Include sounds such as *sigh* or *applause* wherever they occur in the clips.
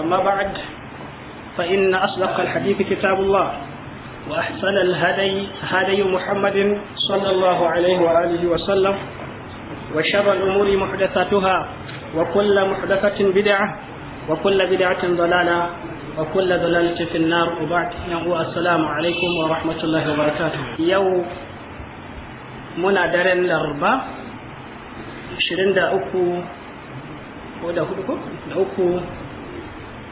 أما بعد فإن أصدق الحديث كتاب الله وأحسن الهدي هدي محمد صلى الله عليه وآله وسلم وشر الأمور محدثاتها وكل محدثة بدعة وكل بدعة ضلالة وكل ضلالة في النار وبعد السلام عليكم ورحمة الله وبركاته يوم منا درن لربا 23 ko أكو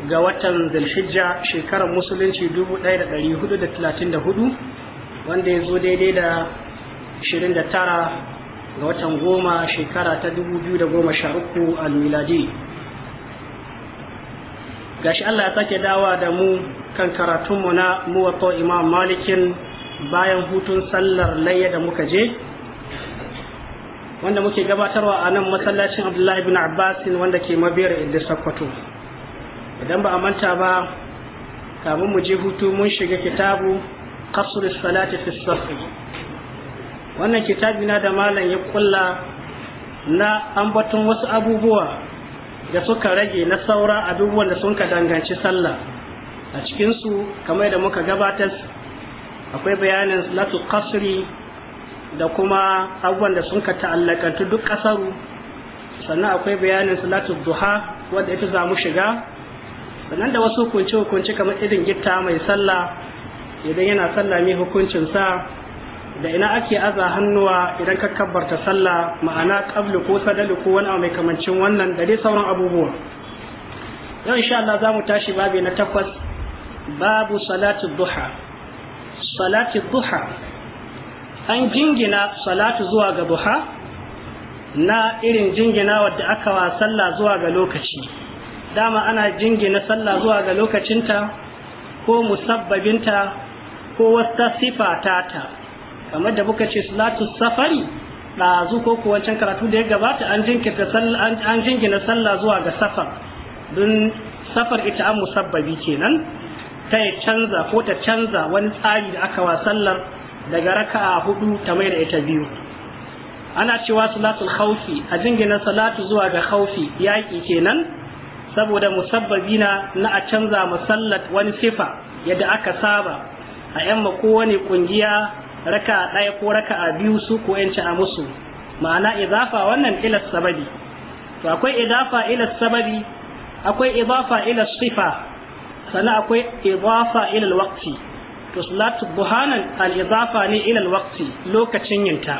ga watan zulhijja shekarar musulunci 1434 wanda ya zo daidai da 29 ga watan goma shekara ta 2013 a miladi gashi Allah ya sake dawa da mu kan karatunmu na muwatta imam malikin bayan hutun sallar layya da muka je wanda muke gabatarwa a nan masallacin abdullahi bin abbasin wanda ke mabiyar idda sakkwato idan ba a manta ba kamun mu je hutu mun shiga kitabu qasr salati fi wannan kitabi na da malam ya kulla na ambaton wasu abubuwa da suka rage na saura abubuwan da sun ka danganci sallah a cikinsu kamar da muka gabatar akwai bayanin salatu kasri da kuma abubuwan da sun ka ta'allakantu duk kasaru sannan akwai bayanin salatu duha wadda ita za mu shiga sannan da wasu hukunci hukunci kamar irin gitta mai sallah idan yana sallah mai hukuncin da ina ake aza hannuwa idan ka kabbarta sallah ma'ana qablu ko sadalu ko wani mai kamancin wannan da dai sauran abubuwa yau insha Allah za mu tashi babi na takwas babu salatu duha salatu duha an jingina salatu zuwa ga duha na irin jingina wadda aka wa sallah zuwa ga lokaci dama ana jingina sallah zuwa ga lokacinta ko musabbabinta ko wata sifa ta kamar da muka ce salatu safari ɗazu ko kuwa wancan karatu da ya gabata an jingina sallah zuwa ga safar don safar ita an musabbabi kenan ta ya canza ko ta canza wani tsari da aka wa sallar daga raka'a hudu ta mai da ita biyu ana cewa salatul khawfi a jingina salatu zuwa ga khawfi yaƙi kenan saboda musabbabina na a canza musallat wani sifa yadda aka saba a yan yamma kowane kungiya raka ɗaya ko raka a biyu su ko yanci a musu ma'ana idafa wannan ila sababi to akwai idafa ila sababi akwai idafa ila sifa sannan akwai idafa ila waqti to salatu buhanan al idafa ne ila waqti lokacin yinta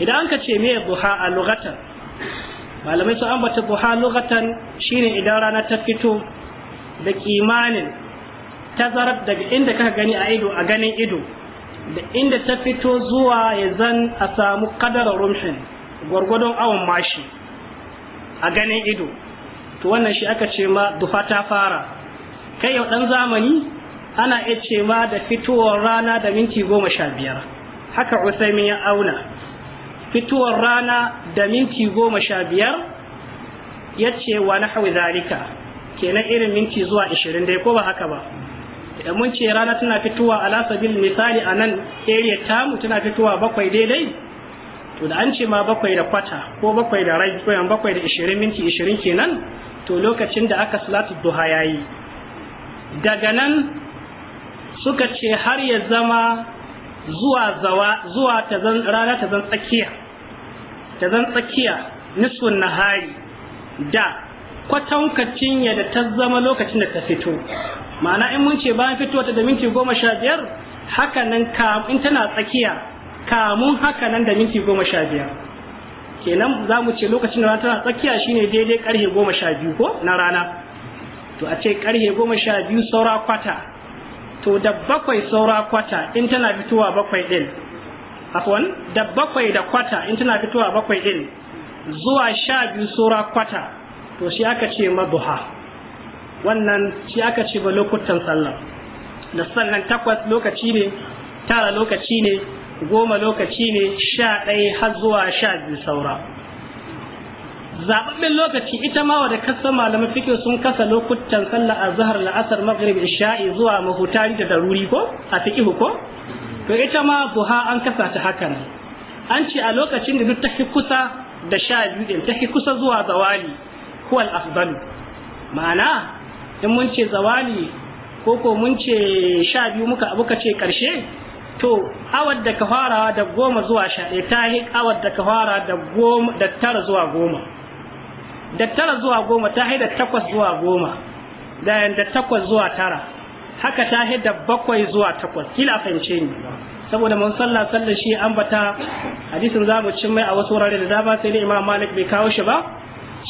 idan ka ce me buha a lugatan malamai sun ambata buha lugatan shine idan rana ta fito da kimanin tazarar daga inda kaka gani a ido a ganin ido da inda ta fito zuwa ya zan a samu kadara rumshin gwargwadon awon mashi a ganin ido to wannan shi aka ce ma dufa ta fara kai yau dan zamani ana iya ce ma da fitowar rana da minti goma sha biyar haka usaimin ya auna fitowar rana da minti goma sha biyar ya ce wa na hawi zalika kenan irin minti zuwa ishirin dai ko ba haka ba da eh, mun ce rana tana fitowa a lasabil misali a nan area tamu tana fitowa bakwai daidai to da an ce ma bakwai da kwata ko bakwai da rai ko bakwai da ishirin minti ishirin kenan to lokacin da aka salatu duha yi, daga nan suka ce har ya zama zuwa zawa zuwa ta zan rana ta zan tsakiya ta zan tsakiya nisfun nahari da kwatankacin ya da ta zama lokacin da ta fito ma'ana in mun ce bayan fito ta da minti goma sha biyar haka nan in tana tsakiya kamun haka nan da minti goma sha biyar kenan za mu ce lokacin da rana tana tsakiya shine daidai karhe goma sha biyu ko na rana to a ce karhe goma sha biyu saura kwata to da bakwai saura kwata in tana fitowa bakwai din afwan da bakwai da kwata in tana fitowa bakwai din zuwa sha biyu saura kwata to shi aka ce maduha wannan shi aka ce ba lokutan sallah da sallan takwas lokaci ne tara lokaci ne goma lokaci ne sha ɗaya har zuwa sha biyu saura zababben lokaci ita ma wadda kasan malaman fikin sun kasa lokutan sallah azhar la'asar maghrib isha'i zuwa mahutari da daruri ko a fiqh ko to ita ma buha an kasa ta haka ne an ce a lokacin da duk ta kusa da sha biyu din ta kusa zuwa zawali huwa al-afdalu ma'ana in mun ce zawali ko ko mun ce sha biyu muka abu ka ce karshe to awar da ka fara da goma zuwa sha ɗaya ta yi awar da ka fara da tara zuwa goma da tara zuwa goma ta haida takwas zuwa goma da da takwas zuwa tara haka ta haida bakwai zuwa takwas kila fahimce ni saboda mun sallah sallar shi an bata hadisin zamu cin mai a wasu wurare da dama sai da imam malik bai kawo shi ba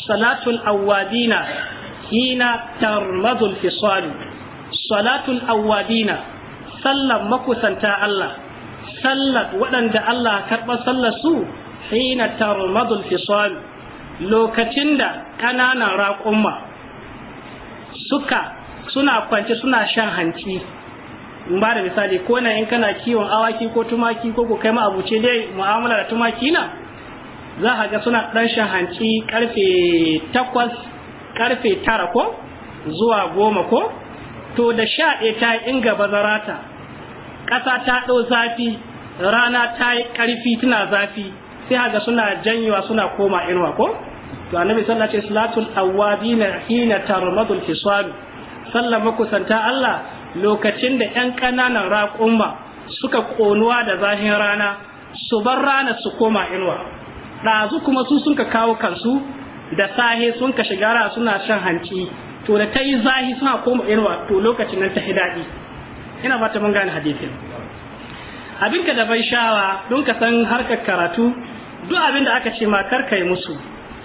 salatul awwadina hina tarmadul fisal salatul awwadina sallar makusanta Allah sallar waɗanda Allah karɓar sallar su hina tarmadul fisal lokacin da ƙananan raƙumma suka suna kwance suna shan hanci ba da misali ko na in kana kiwon awaki ko tumaki ko ku kai ma'abuce dai mu'amala da tumaki na za a ga suna ɗan shan hanci ƙarfe takwas ƙarfe tara ko zuwa goma ko to da sha ɗaya ta yi inga bazarata ƙasa ta ɗau zafi rana ta yi ƙarfi tana zafi sai haga suna janyewa suna koma inuwa ko to annabi sallallahu alaihi wasallam salatul awabina hina tarmadul hisab sallan makusanta Allah lokacin da yan ƙananan raƙumma suka konuwa da zahin rana su bar rana su koma inuwa ɗazu kuma su sun ka kawo kansu da sahe sun ka shigara suna shan hanci to da ta yi zahi suna koma inuwa to lokacin nan ta daɗi ina fata mun gane hadisin abinka da bai shawa don ka san harkar karatu duk abin da aka ce ma kar musu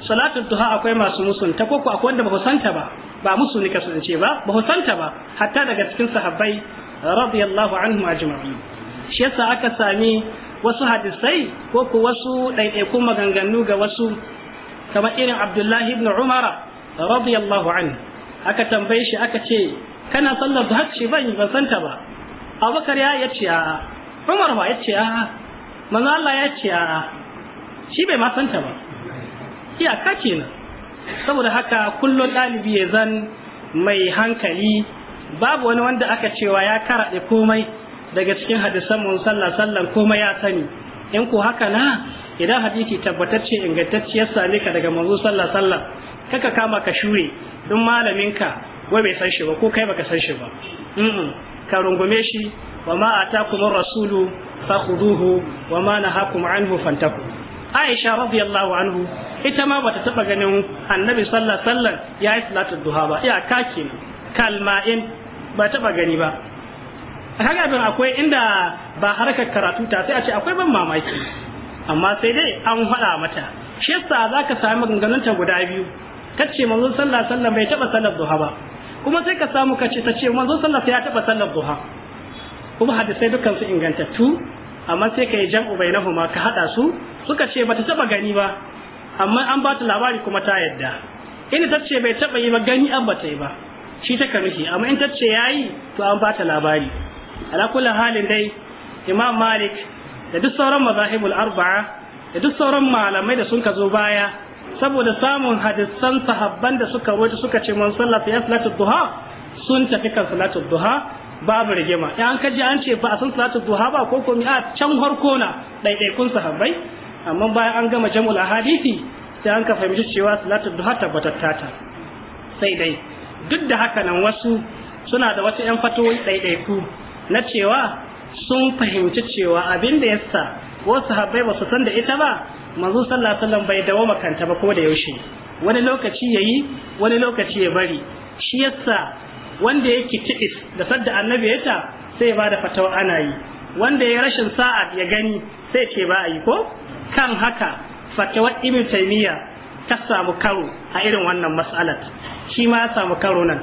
salatul duha akwai masu musunta, ko koko akwai wanda ba santa ba ba musu ne kasance ba ba santa ba hatta daga cikin sahabbai radiyallahu anhum ajma'in shi yasa aka sami wasu hadisai ko ko wasu ɗaiɗaikun maganganu ga wasu kamar irin Abdullahi ibn Umara radiyallahu anhu aka tambaye shi aka ce kana sallar duha ce ban ban santa ba Abubakar ya yace a'a Umar ba yace a'a manzo Allah ya ce a'a shi bai ma santa ba iyaka kenan saboda haka kullum ɗalibi ya zan mai hankali babu wani wanda aka cewa ya karaɗe komai daga cikin hadisan mun sallah sallan komai ya sani in ko haka na idan hadisi tabbatacce ingantacce ya ka daga manzo sallah kaka kama ka shure duk malamin ka wai bai san shi ba ko kai baka san shi ba ka rungume shi wa ma atakumur rasulu fakhuduhu wa ma nahakum anhu fantaku. Aisha radiyallahu anhu ita ma bata taba ganin Annabi sallallahu alaihi wasallam ya yi salatu duha ba ya kake kalma'in ba taba gani ba kaga bin akwai inda ba harkar karatu ta sai a ce akwai ban mamaki amma sai dai an faɗa mata shi yasa zaka samu ganganunta guda biyu kace manzo sallallahu alaihi wasallam bai taba sallar duha ba kuma sai ka samu kace ta ce manzo sallallahu alaihi wasallam ya taba sallar duha kuma hadisai dukkan su ingantattu amma sai ka yi jam'u bainahuma ka haɗa su suka ce bata taba gani ba amma an ba ta labari kuma ta yadda in ta ce bai taba yi ba gani an bata yi ba shi ta kamishi amma in ta ce yayi to an ba ta labari ala kulli halin dai imam malik da duk sauran mazahibul arba'a da duk sauran malamai da sun ka zo baya saboda samun hadisan sahabban da suka rawaita suka ce man sallata ya duha sun tafi kan salatu duha babu rigima in an kaji an ce ba a san salatu duha ba ko komi a can harko na ɗaiɗaikun sahabbai amma bayan an gama jam'ul ahadisi sai an ka fahimci cewa salatu duha tabbatatta ta sai dai duk da haka nan wasu suna da wasu yan fatoyi ɗaiɗaiku na cewa sun fahimci cewa abin da yasa wasu sahabbai ba su san da ita ba manzo sallallahu alaihi wasallam bai dawo makanta ba ko da yaushe wani lokaci yayi wani lokaci ya bari shi yasa wanda yake tibis da sadda annabi ya ta sai ya bada fatawa ana yi wanda ya rashin sa'a ya gani sai ce ba a yi ko kan haka fatawar ibn taymiya ta samu karo a irin wannan mas'alar shi ma ya samu karo nan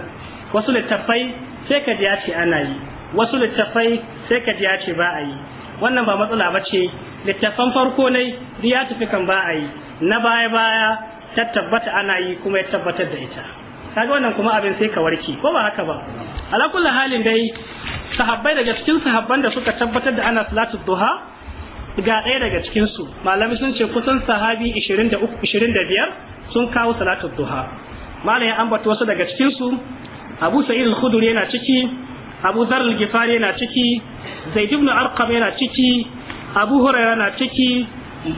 wasu littafai sai ka ya ce ana yi wasu littafai sai ka ji ya ce ba a yi wannan ba matsala ba ce littafan farko ne ya tafi kan ba a yi na baya baya ta tabbata ana yi kuma ya tabbatar da ita kaga wannan kuma abin sai ka warke ko ba haka ba ala kullu halin dai sahabbai daga cikin sahabban da suka tabbatar da ana salatu duha ga ɗaya daga cikin su malami sun ce kusan sahabi 23 25 sun kawo salatu duha malai ya ambata wasu daga cikin su Abu Sa'id al-Khudri yana ciki Abu Dharr al-Ghifari yana ciki Zaid ibn Arqam yana ciki Abu Hurairah yana ciki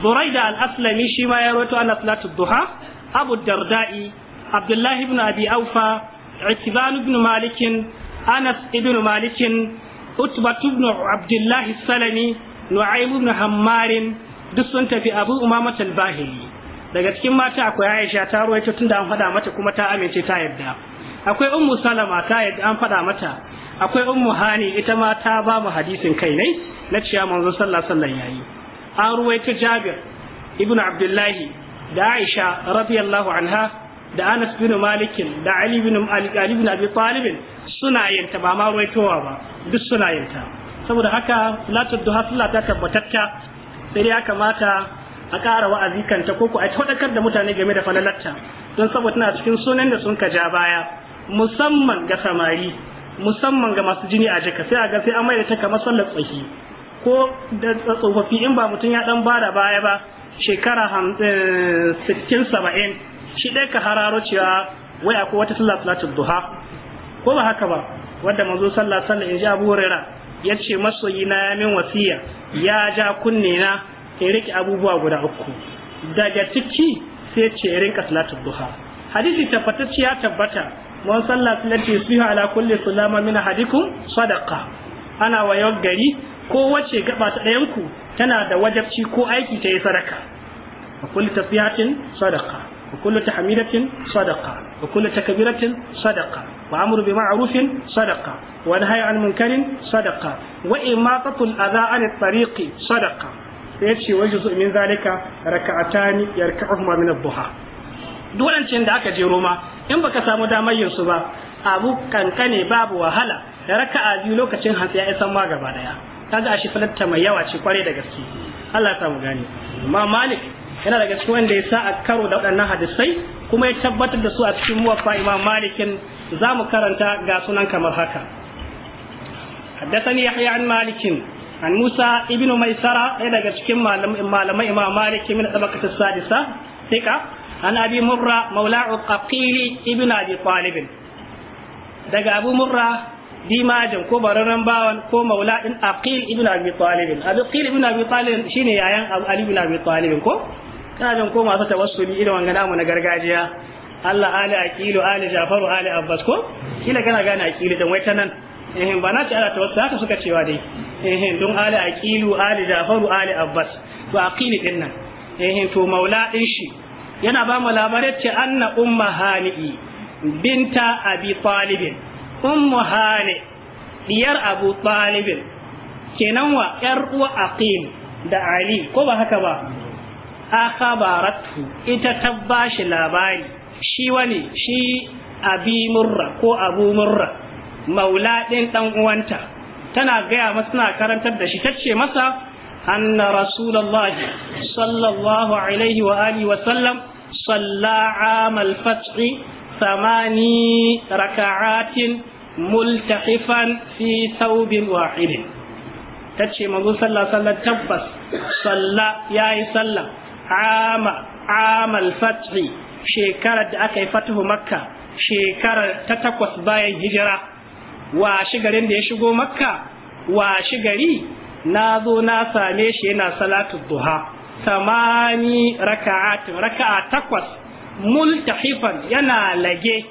Buraida al-Aslami shi ma ya rawaito ana salatu duha Abu Darda'i abdullahi ibn بن أبي أوفى عتبان بن anas ibn بن مالك ibn abdullahi عبد الله ibn نعيم duk sun tafi abu أبو أمامة bahili daga cikin mata akwai aisha ta tun da an faɗa mata kuma ta amince ta yadda akwai ummu salama ta yadda an faɗa mata akwai ummu hani ita ma ta ba mu hadisin kai ne na cewa manzo sallallahu alaihi yayi an ruwaito jabir ibn abdullahi da aisha radiyallahu anha da Anas bin Malik da Ali bin Ali bin Abi Talib suna yanta ba ma ruwaitowa ba duk suna yanta saboda haka salatul duha sallah ta tabbatatta sai ya kamata a ƙara wa'azi kanta ko ku a taɗakar da mutane game da falalatta, don saboda tana cikin sunan da sun ka ja baya musamman ga samari musamman ga masu jini a jika sai a ga sai an mai da ta kamar sallar tsaki ko da tsofaffi in ba mutum ya ɗan bada baya ba shekara 60 eh, saba'in shi dai ka hararo cewa wai akwai wata sallah salatul duha ko ba haka ba wanda manzo sallah sallah in ji Abu Huraira ya ce masoyi na ya min wasiya ya ja kunne na in rike abubuwa guda uku daga ciki sai ce in rinka salatul duha hadisi tabbatacce ya tabbata mun sallah salati suha ala kulli sulama min hadikum sadaqa ana wayar gari ko wace gaba ta ɗayan ku tana da wajabci ko aiki ta yi sadaka a kulli tafiyatin sadaka وكل تحميدة صدقة وكل تكبيرة صدقة وأمر بمعروف صدقة ونهي عن منكر صدقة وإماطة الأذى عن الطريق صدقة يبشي وجزء من ذلك ركعتان يركعهما من الضحى دولا تشين دعك جيروما إن بك سامو دامين صبا أبو كان كان باب وهلا ركع biyu lokacin hantsi ya isan ma gaba daya kaga a shi falatta mai yawa ce kware da gaske Allah ya samu gani amma Malik yana daga cikin wanda ya sa a karo da waɗannan hadisai kuma ya tabbatar da su a cikin muwaffa imam malikin za mu karanta ga sunan kamar haka haddathani yahya an malikin an musa ibn maisara ɗaya daga cikin malamai imam malikin min tabaqat sadisa tika an abi murra maula uqaqili ibn abi talib daga abu murra dimajin ko bararren bawan ko maula din aqil ibn abi talib abi qil ibn abi talib shine yayan ali ibn abi talib ko kana jin ko masu tawassuli irin wanga namu na gargajiya Allah ali Akilu ali jafaru ali abbas ko kila kana gane Akilu dan wai ta nan eh ba na ce ala tawassul haka suka cewa dai eh don ali Akilu ali jafaru ali abbas to aqili din nan eh to maula din shi yana ba mu labarin ce anna umma hani'i binta abi talibin ummu hani diyar abu talibin kenan wa yar uwa aqil da ali ko ba haka ba akhbaratu ita ta bashi labari shi wani shi abi murra ko abu murra maula din dan uwanta tana gaya masa tana karantar da shi tace masa anna rasulullahi sallallahu alaihi wa alihi wa sallam salla amal fathi thamani raka'atin multahifan fi thawbin wahidin tace manzo sallallahu alaihi wa sallam tabbas salla yayi sallah amal fathi shekarar da aka yi fatihu makka shekarar ta takwas bayan hijira wa shigarin da ya shigo makka wa shigari na zo na same shi yana salatu duha samani raka'at a takwas multahifan yana lage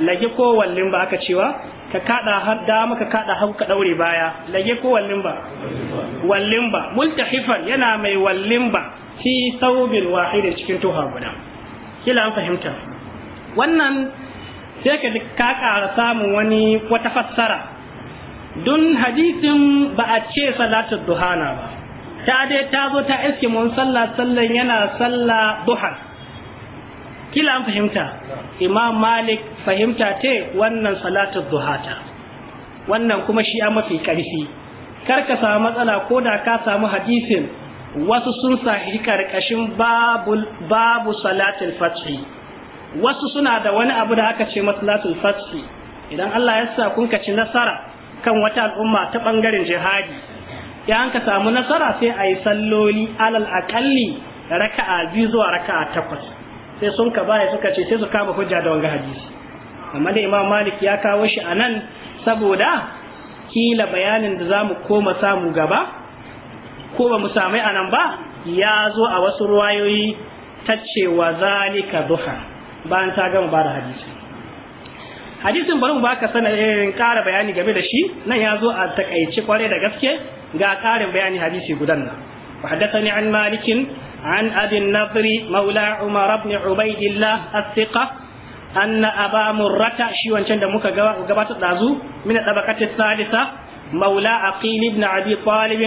lage ko wallin ba aka cewa ka kada ka kada har ka baya lage ko wallin ba wallin ba multahifan yana mai wallin ba fi saubin wahidin cikin tuha guda kila an fahimta wannan sai ka ka samun wani wata fassara dun hadisin ba a ce salatul duhana ba ta dai ta zo ta iske mun sallah sallan yana sallah duha kila an fahimta imam malik fahimta te wannan salatul duhata wannan kuma shi a mafi karfi kar ka samu matsala ko da ka samu hadisin wasu sun sahi karkashin babu salatul fathi wasu suna da wani abu da aka ce masalatul fathi idan Allah ya sa kun ci nasara kan wata al'umma ta bangaren jihadi idan ka samu nasara sai a yi salloli alal akalli raka'a biyu zuwa raka'a takwas sai sun ka baya suka ce sai su kama hujja da wanga hadisi amma da imam malik ya kawo shi a nan saboda kila bayanin da za mu koma samu gaba ko ba mu sami a nan ba ya zo a wasu ruwayoyi ta ce wa zalika duha bayan ta gama ba da hadisi hadisin bari mu baka sana irin ƙara bayani game da shi nan ya zo a takaice kwarai da gaske ga ƙarin bayani hadisi gudan nan وحدثني an مالك عن أبي النضر مولى عمر بن عبيد الله الثقة أن أبا مرة شيوان شند موكا قبات الدازو من الطبقة الثالثة مولى عقيل بن طالب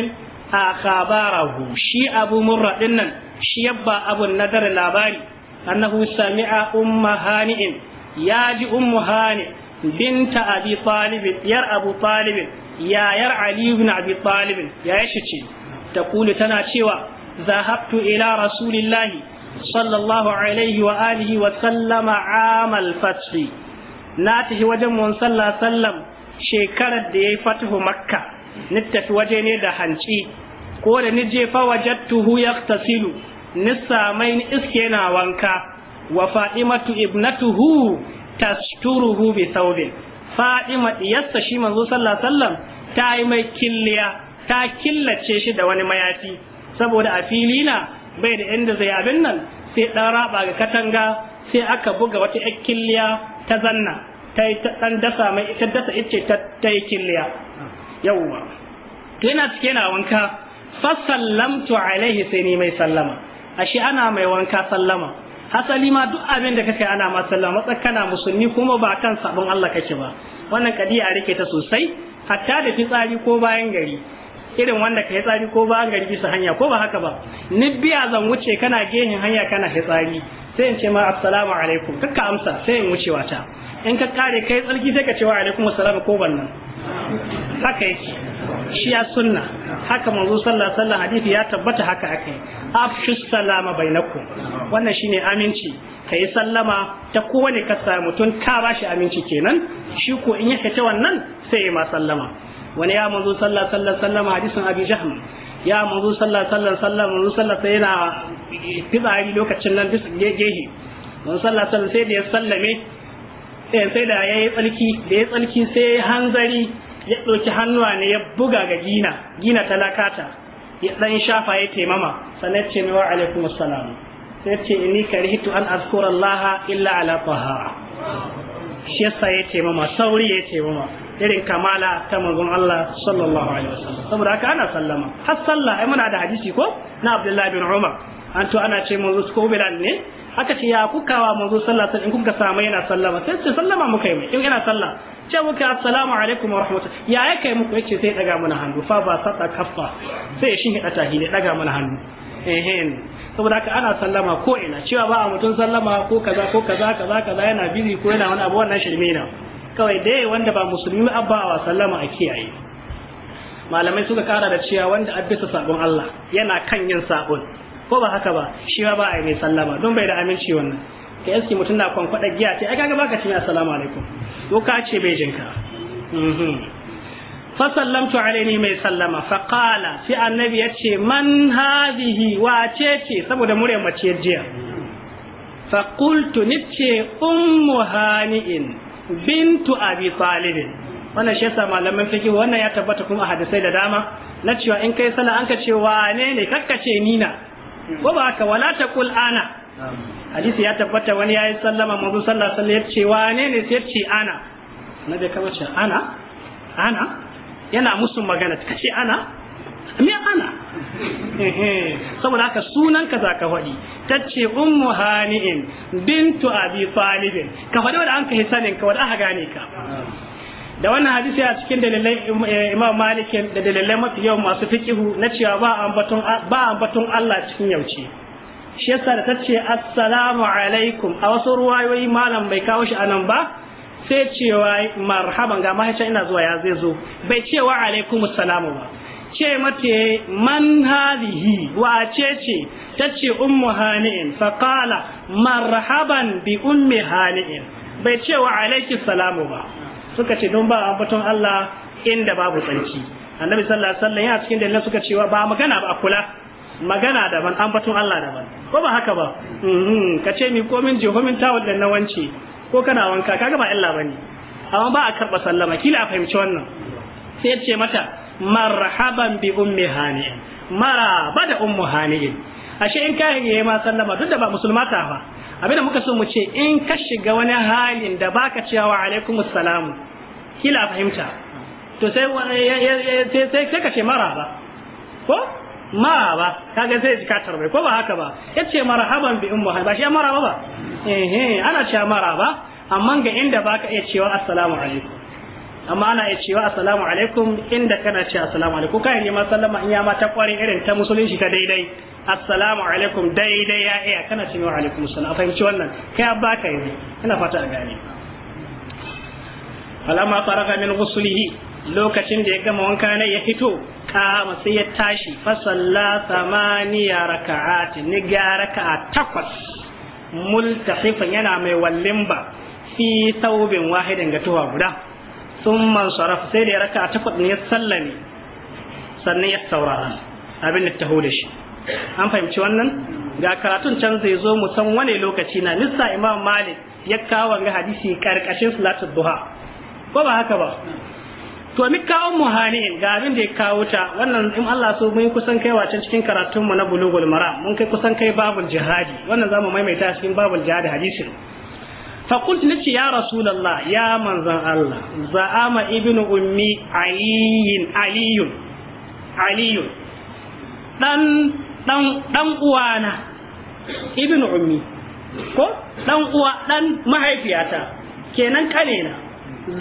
a akhbarahu shi abu murra din nan shi yabba abun nadar labari annahu sami'a umma hani'in ya ji ummu hani binta abi talib yar abu talib ya yar ali ibn abi talib ya yashi ce ta taqulu tana cewa zahabtu ila rasulillahi sallallahu alaihi wa alihi wa sallama amal fathi na tafi wajen mun sallallahu sallam shekarar da yayi fatihu makka ni tafi waje ne da hanci ko da ni je fa wajadtuhu yaqtasilu ni samai ni iske na wanka wa fa'imatu ibnatuhu tasturuhu bi thawbin fa'ima yassa shi manzo sallallahu alaihi wasallam ta yi mai killiya ta killace shi da wani mayafi saboda a fili na bai da inda zai abin nan sai dan raba ga katanga sai aka buga wata killiya ta zanna ta yi ta dan dasa mai ita dasa ita ta yi killiya yawwa to yana cike na wanka fa sallamtu alaihi sai ni mai sallama ashe ana mai wanka sallama hasali ma duk abin da kake ana ma sallama matsakana musulmi kuma ba kan sabon Allah kake ba wannan kadiya rike ta sosai hatta da fitsari ko bayan gari irin wanda ka tsari ko bayan gari bisa hanya ko ba haka ba ni biya zan wuce kana gehin hanya kana tsari sai in ce ma assalamu alaikum kakka amsa sai in wucewa ta in ka kare kai tsarki sai ka ce wa alaikum assalam ko wannan haka yake shi ya sunna haka manzo sallallahu alaihi wasallam hadisi ya tabbata haka haka afshu salama bainakum wannan shine aminci kai sallama ta kowane ka samu tun ka bashi aminci kenan shi ko in yake ta wannan sai ya ma sallama wani ya manzo sallallahu alaihi wasallam hadisin abi jahm ya manzo sallallahu alaihi wasallam manzo sallallahu alaihi wasallam yana fitsari lokacin nan bisa gehe manzo sallallahu alaihi wasallam sai da ya sallame Eh, sai da ya yi tsalki da ya tsalki sai hanzari ya ɗauki hannuwa ne ya buga ga gina gina talakata ya ɗan shafa ya taimama sannan ce mai wa alaikum assalam sai ce inni karihtu an azkura Allah illa ala tahara shi yasa ya taimama sauri ya taimama irin kamala ta manzon Allah sallallahu alaihi wasallam saboda haka ana sallama har sallah ai muna da hadisi ko na Abdullahi bin Umar an to ana ce manzo ko bilal ne aka ce ya kuka wa manzo sallah in kuka samu yana sallama sai ce sallama muka yi mai in yana sallah ce muka assalamu alaikum wa rahmatullahi ya yake kai muku yace sai daga mana hannu fa ba sata kaffa sai shin hida tahi ne daga mana hannu eh saboda haka ana sallama ko ina cewa ba a mutum sallama ko kaza ko kaza kaza kaza yana bizi ko yana wani abu wannan shirme na kawai dai wanda ba musulmi abba wa sallama a kiyaye malamai suka kara da cewa wanda bisa sabon Allah yana kan yin sabon ko ba haka ba shi ba a yi mai sallama don bai da aminci wannan ka yaski mutum na kwankwada giya ce ai kaga baka ce assalamu alaikum ko ka ce bai jinka mhm. fa sallamtu mai sallama fa qala sai annabi ya ce man hadhihi wace ce saboda muryar mace jiya fa qultu nice ummu hani'in bintu abi talib wannan shi yasa malaman fiqh wannan ya tabbata kuma a hadisai da dama na cewa in kai sallah ka ce wane ne kakkace nina ko ba haka wala kul ana hadisi ya tabbata wani yayi sallama manzo sallallahu alaihi wasallam ya ce wane ne sai ce ana nabi kamar ce ana ana yana musu magana kace ana me ana saboda haka sunan ka ka faɗi tace ummu hani'in bintu abi talib ka faɗi wanda an ka hisanin ka wanda aka gane ka da wannan hadisi a cikin dalilai eh, Imam Malik da dalilai mafi yawan masu fiqihu na cewa ba ambaton ba Allah cikin yauci shi yasa da tace assalamu alaikum a wasu ruwayoyi malam bai kawo shi anan ba sai cewa marhaban ga mahaifin ina zuwa ya zai zo bai cewa alaikum assalamu ba ce mata man hadhihi wa ce ta ce ummu hani'in qala marhaban bi ummi hani'in bai cewa alaikum salamu ba suka ce don ba ambaton Allah inda babu tsarki annabi sallallahu alaihi wasallam ya cikin dalilan suka cewa ba magana ba kula magana daban ambaton Allah daban ko ba haka ba mm-hmm. ka ce mi komin jehomin tawul da wance ko kana wanka kaga ba illa bane amma ba a karba sallama kila a fahimci wannan sai ce mata marhaban bi ummi hani mara bada ummu hani ashe in kai ne ma sallama duk da ba musulmata ba abinda muka so mu ce in ka shiga wani halin da baka cewa alaikum assalam kila fahimta to sai sai sai ka ce maraba ko maraba kaga sai ka tarbe ko ba haka ba yace marhaban bi ummu ba shi maraba ba eh eh ana cewa maraba amma ga inda baka iya cewa assalamu alaikum amma ana iya cewa assalamu alaikum inda kana ce assalamu alaikum kai ne ma sallama in ya mata ta kware irin ta musulunci ta daidai assalamu alaikum daidai ya iya kana ce wa alaikum assalam a fahimci wannan kai abba ka yi ina fata a gane Alama faraga min ghusulihi lokacin da ya gama wanka ne ya fito kama sai ya tashi fasalla samaniya raka'ati ni ga raka'a takwas multasifan yana mai wallimba fi saubin wahidin ga tuwa guda sun man sai da ya raka a takwas ne ya sallame sannan ya saurara abin da taho da shi an fahimci wannan ga karatun can zai zo mu san wane lokaci na nissa imam malik ya kawo ga hadisi karkashin salatul duha ko ba haka ba to mi kawo mu hani ga abin da ya kawo ta wannan in Allah so mun kusan kai wacan cikin karatun mu na bulugul mara mun kai kusan kai babul jihadi wannan zamu maimaita cikin babul jihadi hadisin فقلت نتي يا رسول الله يا من الله زعم ابن أمي علي علي علي دان دان دان قوانا ابن أمي ko dan uwa dan mahaifiyata kenan kanena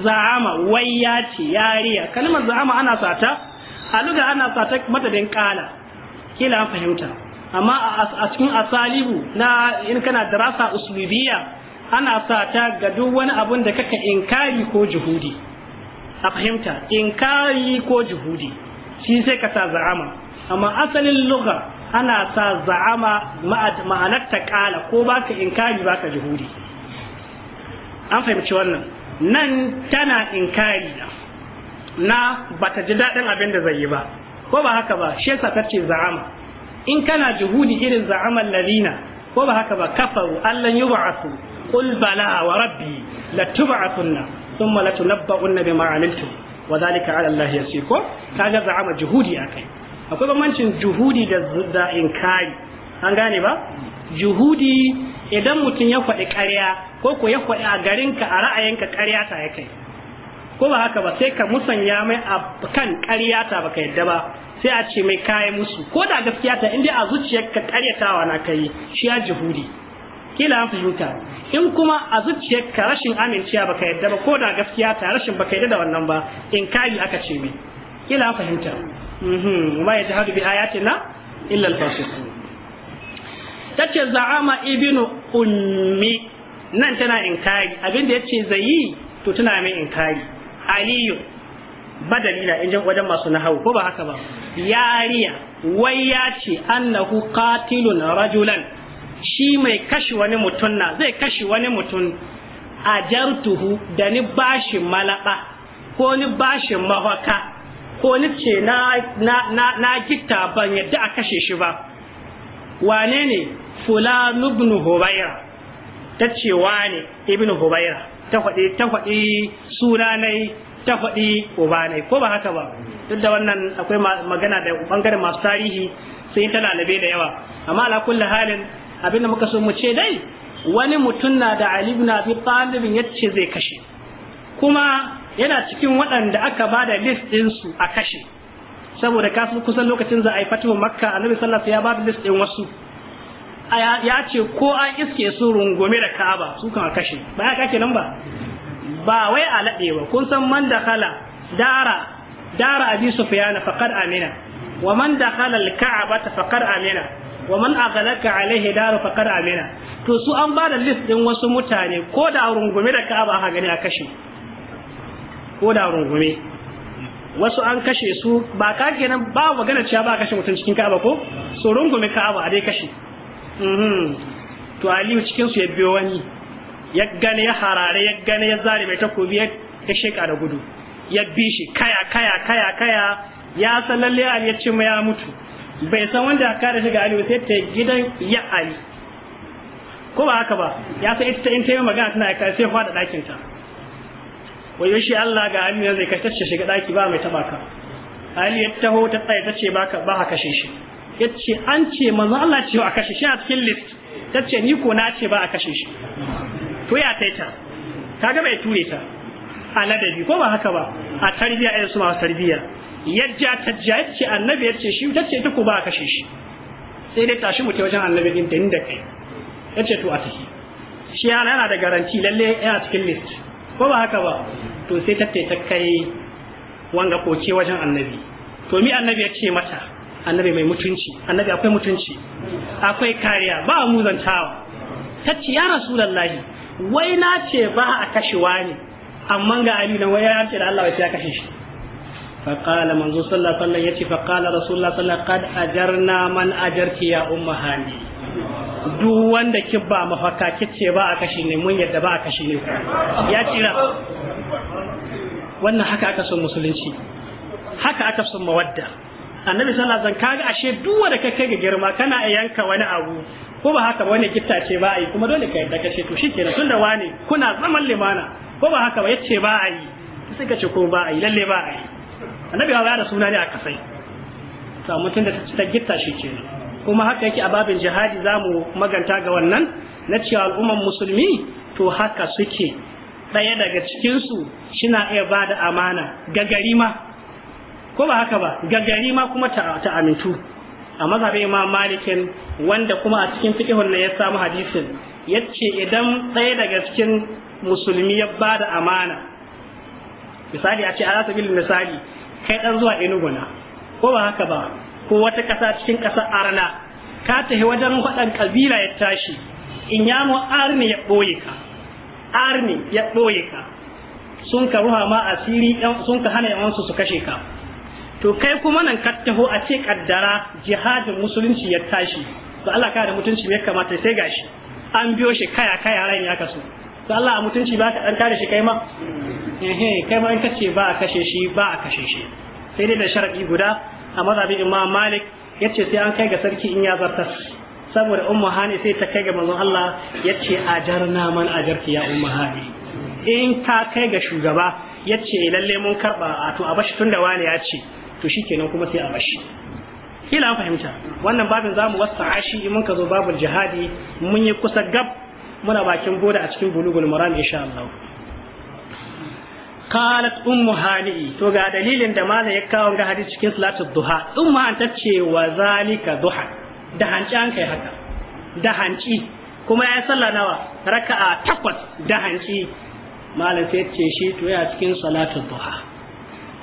za'ama wai ya ce yariya kalmar za'ama ana sata a ana sata mata din kala kila an fahimta amma a cikin asalibu na in kana darasa uslubiya ana sa ta ga duk wani abun da kaka inkari ko juhudi a fahimta inkari ko juhudi shi sai ka sa za'ama amma asalin lugha ana sa za'ama ma'anar ta kala ko baka inkari baka juhudi an fahimci wannan nan tana inkari na na bata ji daɗin abin da zai yi ba ko ba haka ba shi yasa ce za'ama in kana juhudi irin za'amal ladina ko ba haka ba kafaru allan yub'asu قل بلى وربي لتبعثن ثم لتنبؤن بما عملتم وذلك على الله يسير كو زعما جهودي اكاي akwai bambancin جهودي da da inkari an gane ba juhudi idan mutum ya faɗi ƙarya ko ko ya faɗi a ka a ra'ayinka ƙarya ta ya kai ko ba haka ba sai ka musanya mai a kan ƙarya ta baka yadda ba sai a ce mai kayan musu ko da gaskiya ta inda a zuciyarka ƙaryatawa na kai shi ya juhudi kila an fahimta in kuma a ka rashin amincewa baka yadda ba ko da gaskiya ta rashin baka yadda da wannan ba in kari aka ce mai kila an fahimta mhm. ma ya jihadu bi na illa al Ta tace za'ama ibnu ummi nan tana in kari abinda yace zayi to tana mai kari. aliyu badali na injin wajen masu nahawu ko ba haka ba yariya wai ya ce annahu qatilun rajulan shi mai kashe wani mutum na zai kashe wani mutum a jartuhu da ni bashin malaba ko ni bashin mahaka ko ni ce na na ban yadda a kashe shi ba wane ne fulanu nubnu hubaira ta ce wane ibn hubaira ta faɗi ta faɗi sunanai ta faɗi ubanai ko ba haka ba duk da wannan akwai magana da bangaren masu tarihi sai ta lalabe da yawa amma ala kulli halin abin da muka so mu ce dai wani mutum na da Ali ibn Abi Talib ce zai kashe kuma yana cikin waɗanda aka ba da list din su a kashe saboda kasu kusan lokacin za a yi fatihu makka annabi sallallahu ya ba da list din wasu ya ce ko an iske su rungume da Ka'aba su kan kashe ba ya kake nan ba ba wai a lade ba kun san man dakhala dara dara abi sufyan faqad amina wa man dakhala al-ka'aba faqad amina wa man aghlaka alaihi daru faqad amina to su an ba da list din wasu mutane ko da rungume da Ka'aba aka gani a kashe ko da rungume wasu an kashe su ba ka kenan ba magana cewa ba kashe mutum cikin Ka'aba ko so rungume Ka'aba a dai kashe mhm to Aliyu cikin su ya biyo wani ya gane ya harare ya gane ya zare mai takobi ya sheka da gudu ya bi shi kaya kaya kaya kaya ya san lalle ya ce ya mutu bai san wanda aka kare shi ga Ali sai ta gidan ya Ali ko ba haka ba ya san ita in ta yi magana tana kai sai fada da dakin ta wai yoshi Allah ga Ali zai kashe shi shiga daki ba mai taba ka Ali ya taho ta tsaye ta ce ba ka ba kashe shi yace an ce manzo Allah ce a kashe shi a cikin list Ta ce ni ko na ce ba a kashe shi to ya taita kaga bai ture ta a ladabi ko ba haka ba a tarbiya ɗaya su masu tarbiya yadda ta jace annabi ya ce shi ta ce ta ku ba kashe shi sai dai tashi mu ta wajen annabi din din da kai ya ce to a tafi shi yana yana da garanti lalle yana cikin list ko ba haka ba to sai ta ta kai wanga koke wajen annabi to mi annabi ya ce mata annabi mai mutunci annabi akwai mutunci akwai kariya ba a muzantawa ta ce ya rasulallahi wai na ce ba a kashe wani amma ga ali na wai ya ce da Allah ya kashe shi فقال منذ صلى الله عليه يتي فقال رسول الله صلى قد أجرنا من أجرت يا أم هاني duk wanda ki ba mafaka kice ba a kashe ne mun yadda ba a kashe ne ya cira wannan haka aka son musulunci haka aka son mawadda annabi sallallahu alaihi wasallam kaga ashe duk wanda kake ga girma kana yanka wani abu ko ba haka ba wani ce ba a yi kuma dole ka yadda kace to shikenan tunda wani kuna zaman limana ko ba haka ba yace ba a yi sai ka ce ko ba a yi lalle ba a yi annabi ya da suna ne a kasai to mutum da ta gitta shi ke kuma haka yake a babin jihadi zamu maganta ga wannan na cewa al'umman musulmi to haka suke ɗaya daga cikinsu shina iya ba da amana gagari ma ko ba haka ba gagari ma kuma ta amintu a mazhabin imam malikin wanda kuma a cikin fiqhun ya samu hadisin yace idan ɗaya daga cikin musulmi ya ba da amana misali a ce ala sabilin misali kai dan zuwa Enugu na ko ba haka ba ko wata ƙasa cikin ƙasar arna ka tafi wajen faɗan kabila ya tashi in ya mu arni ya ɓoye ka arni ya ɓoye ka sun ka ruha ma asiri sun ka hana yawansu su kashe ka to kai kuma nan ka taho a ce kaddara jihadin musulunci ya tashi to Allah ka da mutunci ya kamata sai gashi an biyo shi kaya kaya ran ya kaso to Allah a mutunci ba ka ɗanka da shi kai ma eh kai ma in kace ba a kashe shi ba a kashe shi sai dai da sharaɗi guda a mazhabin Imam Malik Ya ce sai an kai ga sarki in ya zartas saboda umma hani sai ta kai ga manzon Allah ya yace ajarna man ajarti ya umma hani in ka kai ga shugaba ya ce lalle mun karba to a bashi tunda wani ya ce to shi kenan kuma sai a bashi kila an fahimta wannan babin zamu wasa ashi in mun ka zo babul jihadi mun yi kusa gab muna bakin boda a cikin bulugul maram insha Allah qalat ummu hani to ga dalilin da malam ya kawo ga hadisi cikin salatul duha ummu an tace wa zalika duha da hanci an kai haka da hanci kuma ya sallah nawa raka'a takwas da hanci malam sai ce shi to ya cikin salatul duha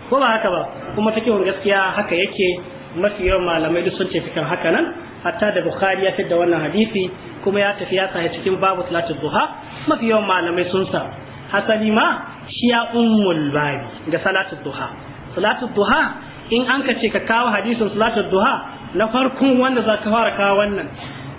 ko ba haka ba kuma take gaskiya haka yake mafi yawan malamai duk sun ce fikan haka nan hatta da bukhari ya fitar wannan hadisi kuma ya tafi ya sahi cikin babu salatul duha mafi yawan malamai sun sa hasali ma shi ya ummul babi ga salatul duha salatul duha in an ka ce ka kawo hadisin salatul duha na farkon wanda za ka fara kawo wannan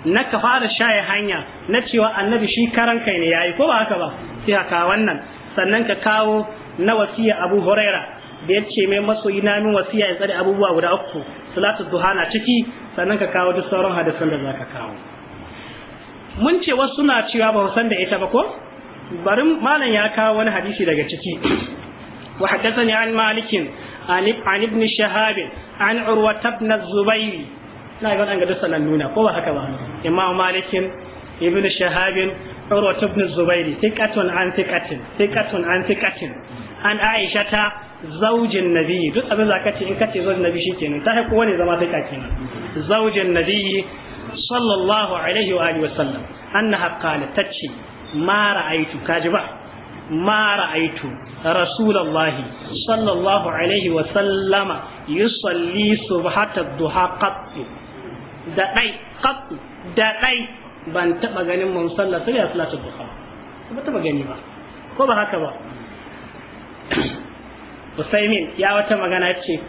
na ka fara shaye hanya na cewa annabi shi karan kai ne yayi ko ba haka ba sai ka kawo wannan sannan ka kawo na wasiya abu huraira da ya ce mai masu na min wasiya ya tsare abubuwa guda uku salatu duha na ciki sannan ka kawo duk sauran hadisan da zaka kawo mun ce wasu suna cewa ba san da ita ba ko bari malam ya kawo wani hadisi daga ciki wa haddathani an malikin an ibn shahab an urwa ibn zubair na ga an ga duk sanan nuna ko ba haka ba imam malikin ibn shahab urwa ibn zubair thiqatun an thiqatin thiqatun an thiqatin an aisha ta zaujin nabi duk abin da kace in kace zaujin nabi shikenan ta haiku wani zama sai kake nan zaujin nabi sallallahu alaihi wa alihi wasallam annaha qalat tace ma ra'aitu kaji ba ma ra'aitu rasulullahi sallallahu alaihi wa sallama yusalli subhata duha qattu da dai qattu da dai ban taba ganin mun sallah sai ya salatu duha ba taba gani ba ko ba haka ba usaimin ya wata magana ce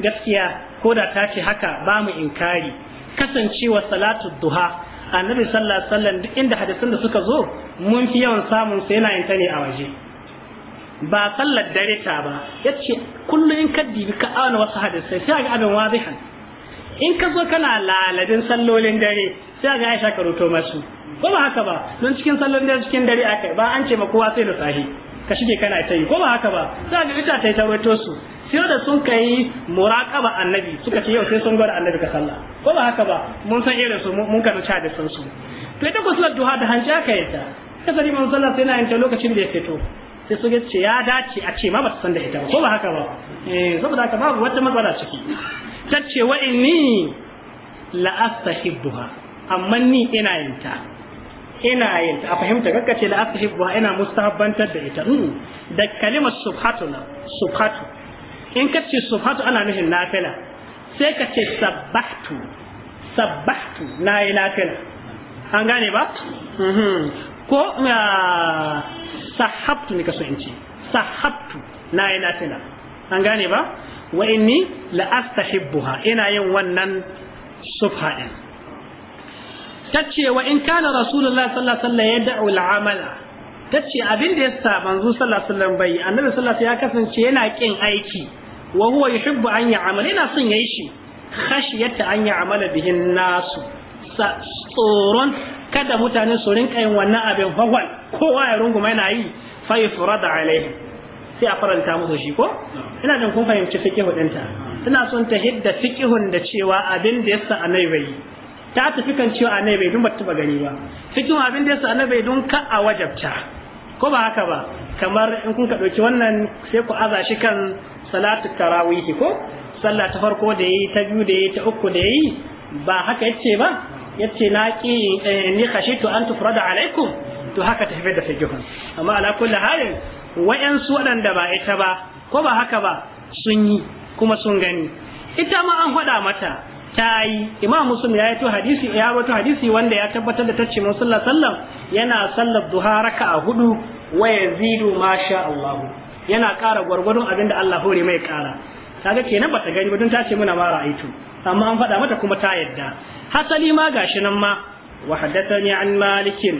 gaskiya ko da ta ce haka ba mu inkari kasancewa salatu duha annabi sallallahu alaihi wasallam duk inda hadisin da suka zo mun fi yawan samun sai yana yin ta ne a waje ba sallar dare ta ba yace kullum in ka dibi ka auna wasu hadisai sai ga abin wazihan in ka zo kana laladin sallolin dare sai ga Aisha karoto masu ba ba haka ba don cikin sallolin dare cikin dare akai ba an ce ma kowa sai da sahi ka shige kana ita yi ko ba haka ba za ga ita ta yi tarwato su sai da sun kai muraqaba annabi suka ce yau sai sun gwada annabi ka sallah ko ba haka ba mun san irin su mun kanu cha da sun su to ita ko sallar duha da hanci aka yi ta sani mun sallar sai na yin ta lokacin da ya fito sai su ga ce ya dace a ce ma ba san da ita ba ko ba haka ba eh saboda haka babu wata matsala ciki ta ce wa inni la astahibbuha amma ni ina yin ta ina yin a fahimta kakka ce la astahibbu ina mustahabbantar da ita mm. da kalimar subhatu na subhatu in ka ce subhatu ana nufin nafila sai ka ce sabbahtu sabbahtu na yi nafila an gane ba mm-hmm. ko sahabtu ne ka so in ce sahabtu na yi nafila an gane ba wa inni la astahibbuha ina yin wannan subha Ta ce wa in kana rasulullah sallallahu alaihi wasallam yad'u al'amala ce abin da yasa manzo sallallahu alaihi wasallam bai annabi sallallahu alaihi wasallam ya kasance yana kin aiki wa huwa yuhibbu an ya'mala yana son yayi shi khashiyata an ya'mala bihin nasu tsoron kada mutane su rinka yin wannan abin fagwal kowa ya runguma yana yi fa yufrada alaihim sai a faranta musu shi ko ina jin kun fahimci fikihu dinta. ina son ta hidda fikihun da cewa abin da yasa annabi bai ta tafi kan cewa annabi dun ba taba gani ba cikin abin da yasa annabi dun ka a wajabta ko ba haka ba kamar in kun ka dauki wannan sai ku aza shi kan salatu tarawih ko sallah ta farko da yi, ta biyu da yi, ta uku da yi. ba haka yace ba yace na ki eh, ni khashitu an tufrada alaikum to haka tafi da fiqhun amma ala kulli halin wayansu waɗanda ba ita ba ko ba haka ba sun yi kuma sun gani ita ma an faɗa mata ta imam muslim ya yato hadisi ya wato hadisi wanda ya tabbatar da tacce mun sallallahu sallam yana sallar duha a hudu wa yazidu ma sha Allah yana ƙara gwargwadon abinda Allah Allah hore mai kara kaga kenan bata gani ba don ta ce muna ma ra'aitu amma an faɗa mata kuma ta yadda hasali ma gashi nan ma wa haddathani an malikin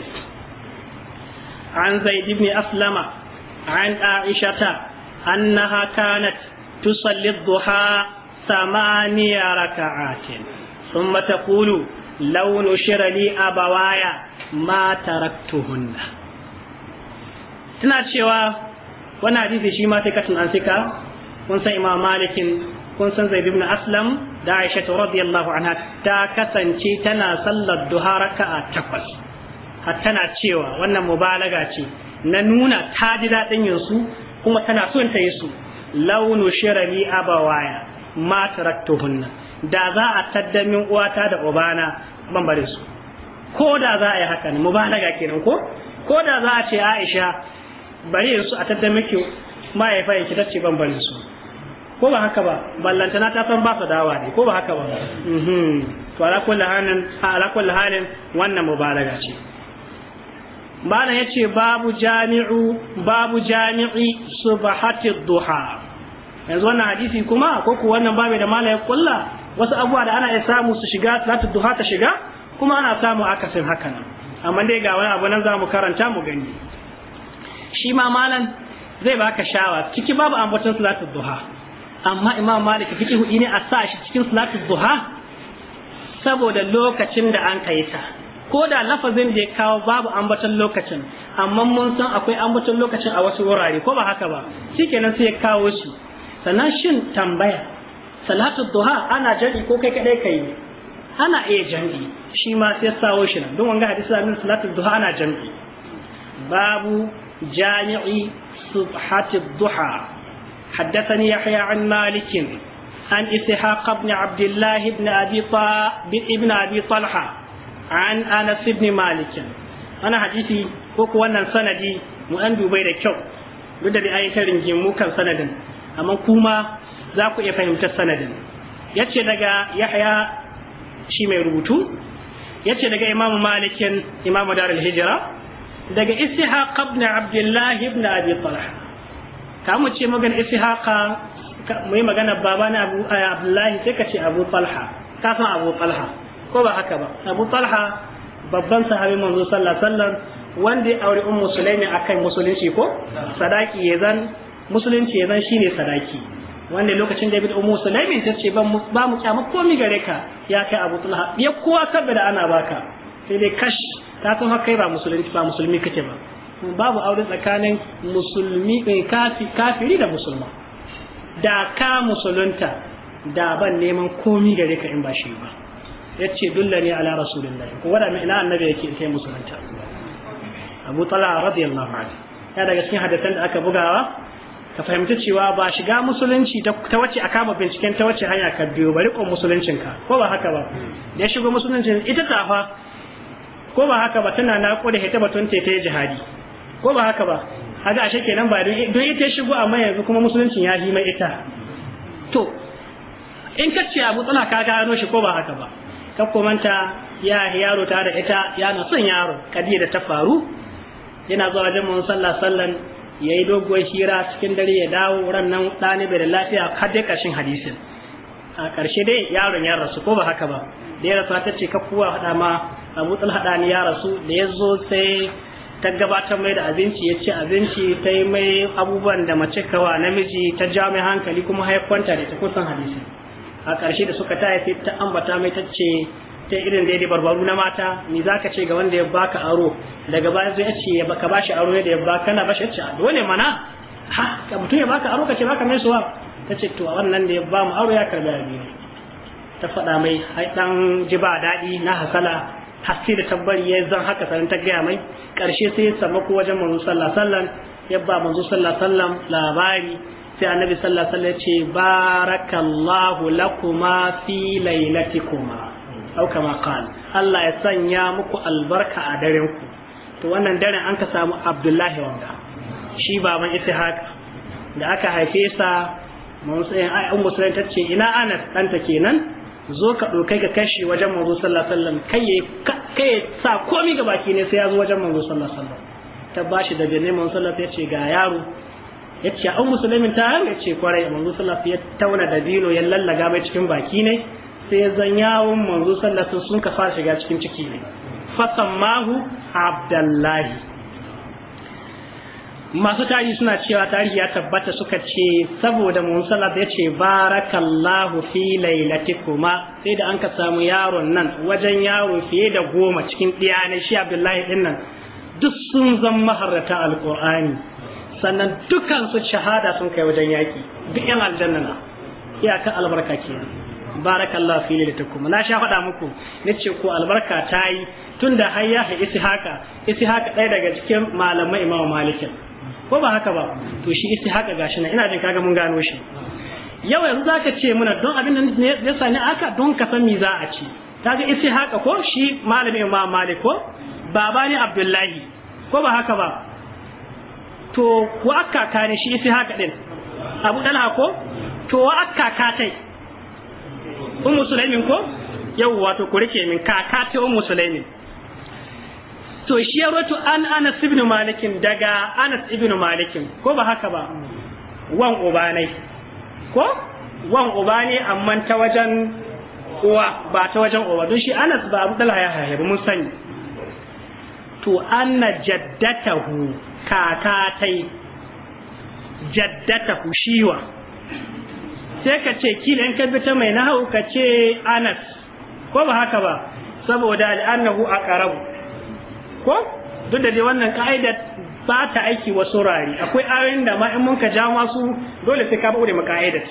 an zaid ibn aslama an aisha annaha kanat tusalli duha ثمانية ركعات sun mata لو نشر لي abawaya, ما تركتهن tana cewa wani hadisi shi ma sai katin an sika kun san imam malikin kun san zaid ibn aslam da aisha radiyallahu anha ta kasance tana sallar duha raka'a takwas har tana cewa wannan mubalaga ce na nuna ta ji daɗin yin kuma tana son ta yi su launu shirami abawaya ma taraktuhunna da za a taddamin uwata da ubana ban bare su ko da za a yi haka ne mubalaga kenan ko ko da za a ce Aisha bare su a taddamin ki mahaifa ki tace ban bare su ko ba haka ba ballantana ta san ba su dawa ne ko ba haka ba mhm. to ala kulli halin ala kulli halin wannan mubalaga ce bana yace babu jami'u babu jami'i subhati duha yanzu wannan hadisi kuma ko ku wannan babu da mala ya kulla wasu abubuwa da ana iya samu su shiga salatu duha ta shiga kuma ana samu akasin haka nan amma dai ga wani abu nan za mu karanta mu gani shi ma malan zai baka shawa ciki babu ambaton salatu duha amma imam malik fiki hudi ne a sa shi cikin salatu duha saboda lokacin da an kai ta ko da lafazin da ya kawo babu ambaton lokacin amma mun san akwai ambaton lokacin a wasu wurare ko ba haka ba shikenan sai ya kawo shi sannan shin tambaya salatu duha ana jari ko kai kadai kai ana iya jam'i shi ma sai sawo shi nan don wanga hadisi da salatu duha ana jam'i babu jami'i subhati duha حدثني يحيى عن مالك عن إسحاق بن عبد الله بن أبي طا بن أبي طلحة عن أنس بن مالك أنا حديثي كوكو أن سندي مؤن بيد كيو بدأ بأي كلمة مو كان sanadin. amma kuma za ku iya fahimtar sanadin yace daga yahya shi mai rubutu yace daga imamu malikin imamu darul hijira daga ishaq ibn abdullah ibn abi talha ka mu ce magana isihaqa, mu yi magana baba na abu eh, abdullahi sai ka ce abu talha ka san abu talha ko ba haka ba abu talha babban sahabi manzo sallallahu alaihi wasallam wanda ya aure ummu sulaimi akan musulunci ko sadaki yazan zan musulunci ya zan shine sadaki wanda lokacin da bi umu sulaimin ta ce ba mu kyama komi gare ka ya kai abu talha ya kowa saboda ana baka sai dai kash ta san kai ba musulunci ba musulmi kake ba babu aure tsakanin musulmi eh, kafiri da musulma da ka musulunta da ban neman komai gare ka in ba shi ba yace dullani ala rasulillahi ko wada mai ina annabi yake sai musulunta Abu Talha radiyallahu anhu ya daga cikin hadisan da aka bugawa ka fahimci cewa ba shiga musulunci ta wace a kama binciken ta wace hanya ka biyo ba riƙon musuluncinka ko ba haka ba da ya shigo musuluncin ita tafa ko ba haka ba tana na da hita batun ta yi jihadi ko ba haka ba haka ashe kenan ba don ita ya shigo amma yanzu kuma musuluncin ya hima ita to in ka ce abu tsana ka gano shi ko ba haka ba ka komanta ya yaro ta da ita ya na son yaro kadi da ta faru yana zuwa jama'un sallah sallan ya yi doguwar shira cikin dare ya dawo ran nan ɗani bai da lafiya har ƙarshen hadisin a ƙarshe dai yaron ya rasu ko ba haka ba da ya rasu ta ce ka kuwa haɗa ma abu haɗa ni ya rasu da ya zo sai ta gabatar mai da abinci ya ce abinci ta yi mai abubuwan da mace kawa namiji ta ja mai hankali kuma haifanta da ta kusan hadisi a ƙarshe da suka ta haifi ta ambata mai ta ce ta irin da ya barbaru na mata ni za ka ce ga wanda ya baka aro daga baya zai ce ka ba shi aro da ya baka kana ba shi ce ah, dole mana ha ka mutum ya baka aro ka ce baka mai suwa ta ce to wannan da ya ba mu aro ya karbi abi ne ta faɗa mai dan ji ba daɗi na hasala haske da tabbari ya zan haka sanin ta gaya mai ƙarshe sai ya samu ko wajen manzo sallah alaihi ya ba manzo sallallahu labari sai annabi sallallahu sallah ya ce barakallahu lakuma fi lailatikuma aw kama qal Allah ya sanya muku albarka a daren ku to wannan daren an ka samu Abdullahi wanda shi baban Ishaq da aka haife sa mun sai ai an sulaim tace ina Anas danta kenan zo ka ɗaukai ka kashe wajen manzo sallallahu alaihi wasallam kai ya sa komai ga baki ne sai ya zo wajen manzo sallallahu alaihi wasallam ta bashi da jinin manzo sallallahu alaihi wasallam ya ce ga yaro ya ce an musulmin ta ya ce kwarai manzo sallallahu alaihi wasallam ya tauna da dino ya lallaga mai cikin baki ne sai zan yawon manzo sallallahu sun ka fara shiga cikin ciki ne mahu abdullahi masu tarihi suna cewa tarihi ya tabbata suka ce saboda mun sallallahu ya ce barakallahu fi kuma sai da an ka samu yaron nan wajen yaro fiye da goma cikin ɗiya shi abdullahi din nan duk sun zan maharata alqur'ani sannan dukansu shahada sun kai wajen yaki duk yan aljanna iyaka albarka kenan barakallahu fi lilitakum na sha faɗa muku nace ko albarka ta yi tunda har ya haɗi ishaqa ishaqa ɗaya daga cikin malamai imamu malikin ko ba haka ba to shi ishaqa gashi nan ina jin kaga mun gano shi yau yanzu zaka ce muna don abin da ya sani aka don ka san me za a ci kaga ishaqa ko shi malamin imamu malik ko baba ne abdullahi ko ba haka ba to ko akka ne shi ishaqa din abu dalha ko to wa akka ka tai ummu sulaimin ko yau wato ku rike min kaka ta ummu sulaimin to shi ya roto an anas ibn malikin daga anas ibn malikin ko ba haka ba wan ubanai ko wan ne amma ta wajen uwa ba ta wajen uwa don shi anas ba abu dalha ya ba mun sani to anna jaddatahu kaka tai jaddatahu shiwa sai ka ce kila in ka ta mai nahau ka ce anas, ko ba haka ba saboda al'annahu karabu, ko duk da dai wannan ka'idar ba ta aiki wa surari akwai ayoyin da ma in mun ka ja masu dole sai ka bude maka ka'idar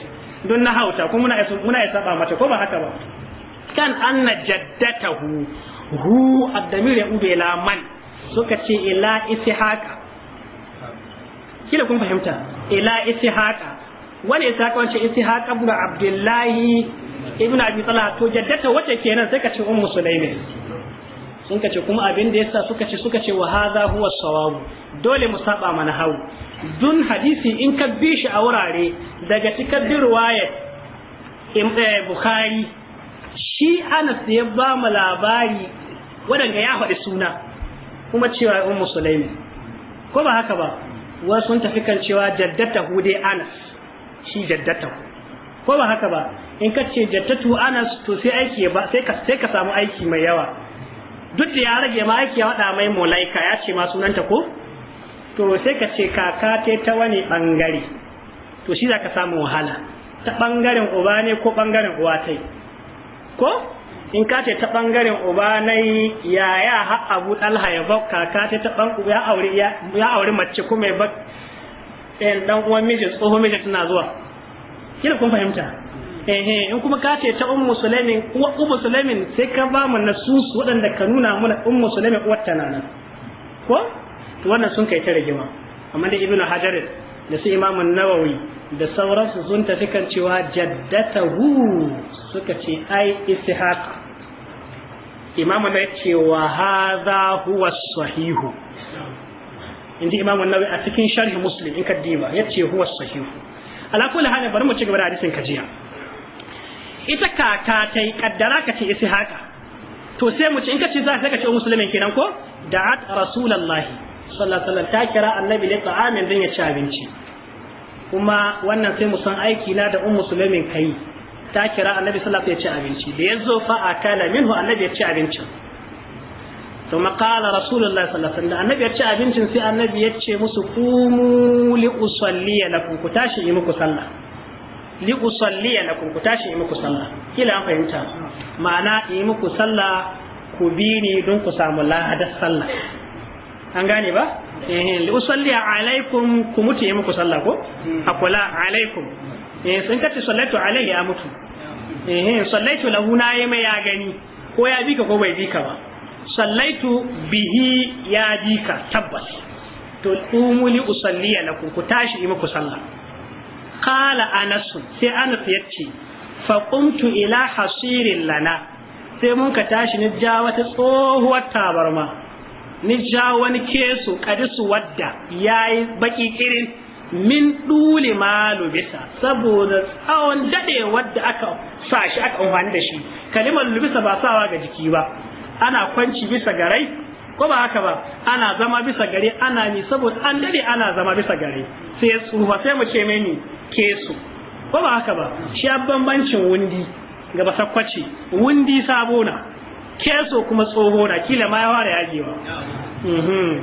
don na hauta kuma muna muna ba mata ko ba haka ba kan anna jaddatahu hu addamir ya ude la man suka ce ila ishaqa kila kun fahimta ila ishaqa wani ishaq wancan ishaq ibn abdullahi ibn abi talha to jaddata wace kenan sai ka ce ummu sulaimi sun ka ce kuma abin da yasa suka ce suka ce wa hadha huwa sawab dole mu saba mana hawu dun hadisi in ka bi shi a wurare daga cikar riwayat eh, bukhari shi anas ya ba mu labari wadanda ya faɗi suna kuma cewa ummu sulaimi ko ba haka ba wasu sun tafi kan cewa jaddata hude anas shi jaddata ko ba haka ba in ka ce jaddatu anas to sai aiki ba sai ka sai ka samu aiki mai yawa duk da ya rage ma aiki ya wada mai mulaika ya ce ma sunanta ko to sai ka ce kaka te ta wani bangare to shi zaka samu wahala ta bangaren uba ne ko bangaren uwa tai ko in ka ce ta bangaren uba na yaya har abu talha ya bakka kaka ta ta ban ya aure ya aure mace kuma ya ɗayan ɗan uwan mijin tsohon mijin tana zuwa kina kun fahimta eh in kuma ka ce ta ummu sulaimin uwa ummu sulaimin sai ka ba mu nasus waɗanda ka nuna mana ummu sulaimin uwar ta nan ko to wannan sun kai ta rigima amma da ibnu hajar da su imamu nawawi da sauransu sun tafi kan cewa jaddatahu suka ce ai ishaq imamu da cewa hadha huwa sahihu inji imamu nawawi a cikin sharh muslim in ya ce huwa sahihu. ala kulli hal bari mu ci gaba da hadisin kajiya ita kaka tai kaddara ka ce haka. to sai mu ci in ka ce za ka ce musulmin kenan ko da'at rasulullahi sallallahu alaihi wasallam ta kira annabi ne ta'amin dan ya ci abinci kuma wannan sai mu san aiki na da ummu sulaimin kai ta kira annabi sallallahu alaihi wasallam ya ci abinci da yazo fa akala minhu annabi ya ci abincin to ma kala rasulullahi sallallahu alaihi wasallam annabi ya ce abincin sai annabi ya ce musu kumu li usalli ya lakum ku tashi yi tashi yi muku sallah kila an fahimta ma'ana yi muku sallah ku bi don ku samu lahad sallah an gane ba eh li usalli alaikum ku mutu yi muku sallah ko akula alaikum eh sun ka ci sallatu mutu eh sallatu lahu mai ya gani ko ya bika ko bai bika ba sallaitu bihi ya dika tabbas to umuli usalliya lakum ku tashi yi muku sallah qala anas sai anas yace fa qumtu ila hasirin lana sai mun ka tashi ni ja wata tsohuwar tabarma ni ja wani kesu kadisu wadda yayi baki kirin min dule malu bisa saboda tsawon dade da aka sa shi aka amfani da shi kalimar lubisa ba sawa ga jiki ba ana kwanci bisa garai ko ba haka ba ana zama bisa gare ana ni saboda an dade ana zama bisa gare sai tsufa sai mu ce mai ni kesu ko ba haka ba shi bambancin wundi ga sakwace wundi sabona keso kuma tsoho na kila ma ya ware yagewa mhm.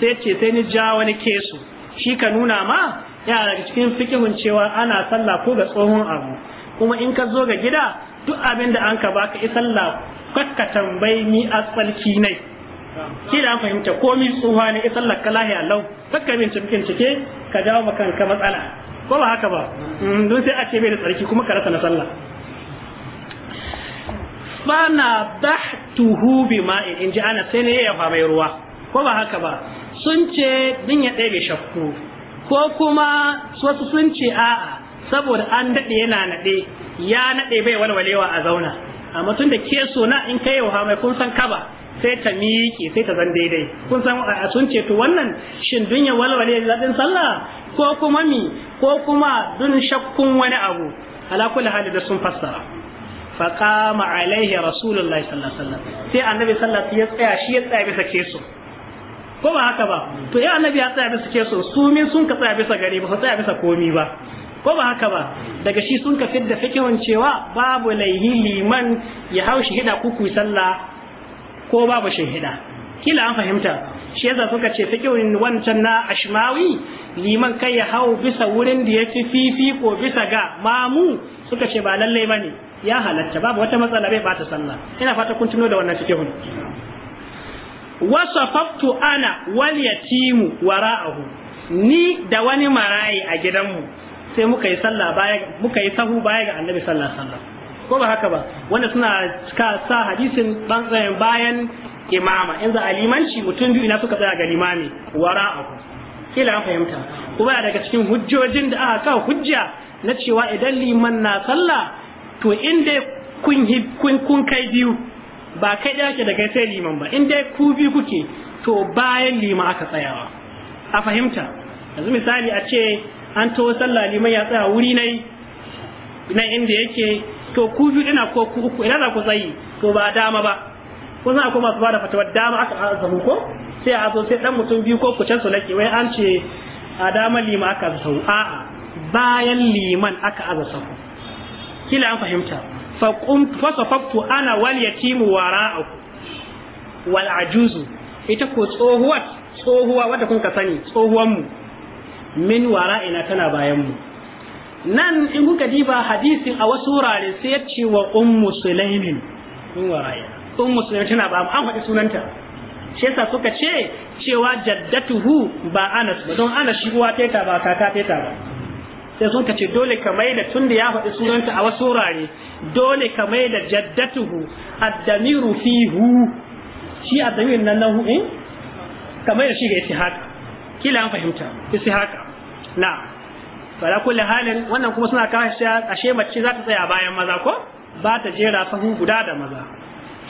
sai ce sai ni ja wani keso shi ka nuna ma Yara daga cikin fikihun cewa ana sallah ko ga tsohon abu kuma in ka zo ga gida duk abin da an ka baka isalla kakka tambayi ni nai. ne da fahimta ko mi tsuha ne isan lakka a lau kakka min cike ka jawo maka kanka matsala ko ba haka ba mm, don sai a ce bai da tsarki kuma ka rasa na sallah fana bahtuhu bi ma'in in ji ana sai ne ya fama ruwa ko ba haka ba sun ce din ya ɗebe shakku ko kuma wasu sun ce a'a saboda an daɗe yana naɗe ya naɗe bai walwalewa a zauna a mutum da ke so na in kai yauha mai kun san kaba sai ta miƙe sai ta zan daidai kun san a sun ce to wannan shin dunya walwale da zaɗin sallah ko kuma mi ko kuma dun shakkun wani abu ala kulli hali da sun fassara fa qama alaihi rasulullahi sallallahu alaihi wasallam sai annabi sallallahu alaihi wasallam ya tsaya shi ya tsaya bisa keso ko ba haka ba to ya annabi ya tsaya bisa keso su min sun ka tsaya bisa gari ba su tsaya bisa komi ba ko ba haka ba daga shi sun ka fidda fikihun cewa babu laihi liman ya shi hida kuku sallah ko babu shahida kila an fahimta shi yasa suka ce fikirin wancan na ashmawi liman kai ya hau bisa wurin da yake fifi ko bisa ga mamu suka ce ba lallai ba ne? ya halatta babu wata matsala bai bata sallah ina fata kun tuno da wannan fikihun wasafaftu ana wal yatimu wara'ahu ni da wani marayi a gidanmu sai muka yi sallah baya muka yi sahu baya ga annabi sallallahu alaihi wasallam ko ba haka ba wanda suna ka sa hadisin dan tsayin eh, bayan imama in za a limanci mutum biyu ina suka tsaya ga limami abu. kila an fahimta kuma daga cikin hujjojin da aka kawo hujja na cewa idan liman na sallah to in dai kun kun kai biyu ba kai da ke daga sai liman ba in dai ku biyu kuke to bayan lima aka tsayawa a fahimta yanzu misali a ce an to sallah liman ya tsaya wuri nai na inda yake to ku biyu ina ko ku uku idan ku tsayi to ba dama ba ko za ku masu bada fatawar dama aka azabu ko sai a zo sai dan mutum biyu ko ku can su lake wai an ce a dama liman aka azabu a'a bayan liman aka azabu kila an fahimta fa qum ana wal yatimu wara'u wal ajuzu ita ko tsohuwa tsohuwa wadda kun ka sani tsohuwan mu min wara'ina tana bayan mu nan in kuka diba hadisin a wasu wurare sai ya ce wa ummu sulaimin min wara'ina ummu sulaimin tana ba mu an faɗi sunanta shi yasa suka ce cewa jaddatuhu ba anas ba don anas shi uwa teta ba kaka teta ba sai sun ce dole ka mai da tunda ya faɗi sunanta a wasu wurare dole ka mai da jaddatuhu addamiru fihu shi addamirin nan hu in eh? kamar da shi ga haka. kila an fahimta isi haka na fara kullu halin wannan kuma suna kawo shi ashe mace za ta tsaya bayan maza ko ba ta jera sahu guda da maza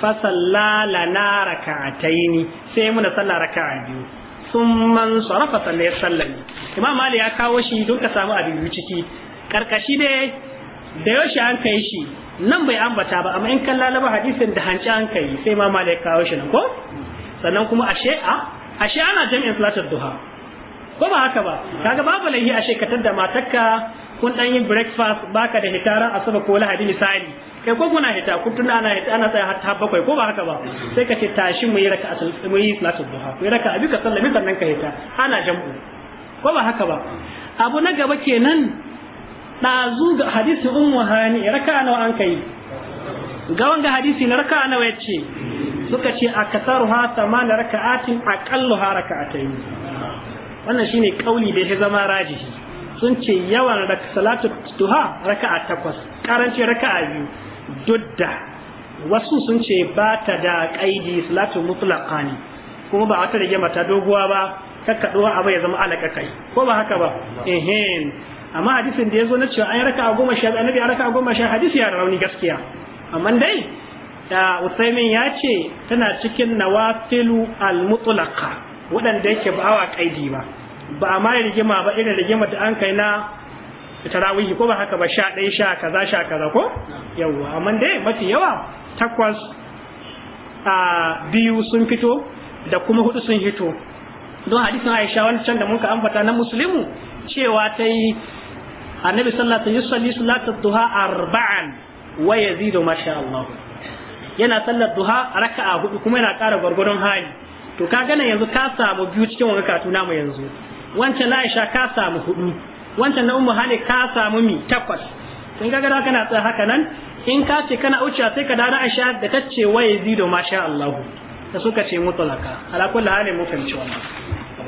fa sallala na raka'ataini sai mun salla raka'a biyu sun man sarafa sannan sallami imam mali ya kawo shi don ka samu abin yi ciki karkashi dai da yaushe an kai shi nan bai ambata ba amma in kan lalaba hadisin da hanci an kai sai imam mali ya kawo shi nan ko sannan kuma ashe a ashe ana jami'in salatul duha ko ba haka ba kaga babu laihi a shekatar da matarka kun dan yin breakfast baka da hitara asuba ko lahadi misali kai ko kuna hita kun tuna ana hita ana tsaya har bakwai ko ba haka ba sai ka ce tashi mu yi raka mu yi salatul duha mu yi raka abi ka sallami sannan ka hita ana jam'u ko ba haka ba abu na gaba kenan ɗazu ga hadisi ummu hani raka nawa an kai ga wanga hadisi na raka nawa yace suka ce akasaruha samana raka'atin aqalluha raka'atayn wannan shine kauli da ya zama rajihi sun ce yawan salatu duha raka'a takwas karanci raka'a biyu duk da wasu sun ce ba ta da kaidi salatu mutlaqa ne kuma ba wata rage mata doguwa ba kakkaɗo abu ya zama alaka kai ko ba haka ba ehem amma hadisin da ya zo na cewa an raka'a goma sha annabi ya raka'a goma sha hadisi ya rauni gaskiya amma dai da Usaimin ya ce tana cikin nawafilu al-mutlaqa waɗanda yake ba wa kaidi ba ba a ma rigima ba irin rigima da an kai na tarawihi ko ba haka ba sha ɗaya sha kaza sha kaza ko yawwa amma dai mafi yawa takwas a biyu sun fito da kuma hudu sun hito don hadisin Aisha wani can da muka ambata na musulmi cewa ta yi annabi sallallahu alaihi wasallam yusalli duha arba'an wa yazidu masha Allah yana sallar duha raka'a hudu kuma yana ƙara gwargwadon hali to ka gane yanzu ka samu biyu cikin wani katuna mu yanzu wancan na Aisha ka samu hudu wancan na Ummu Hani ka samu mi takwas in ga gada kana tsaya haka nan in ka ce kana wuce sai ka dara Aisha da ta ce wa yazidu masha Allah da suka ce mutlaka ala kulli halin mu fahimci wannan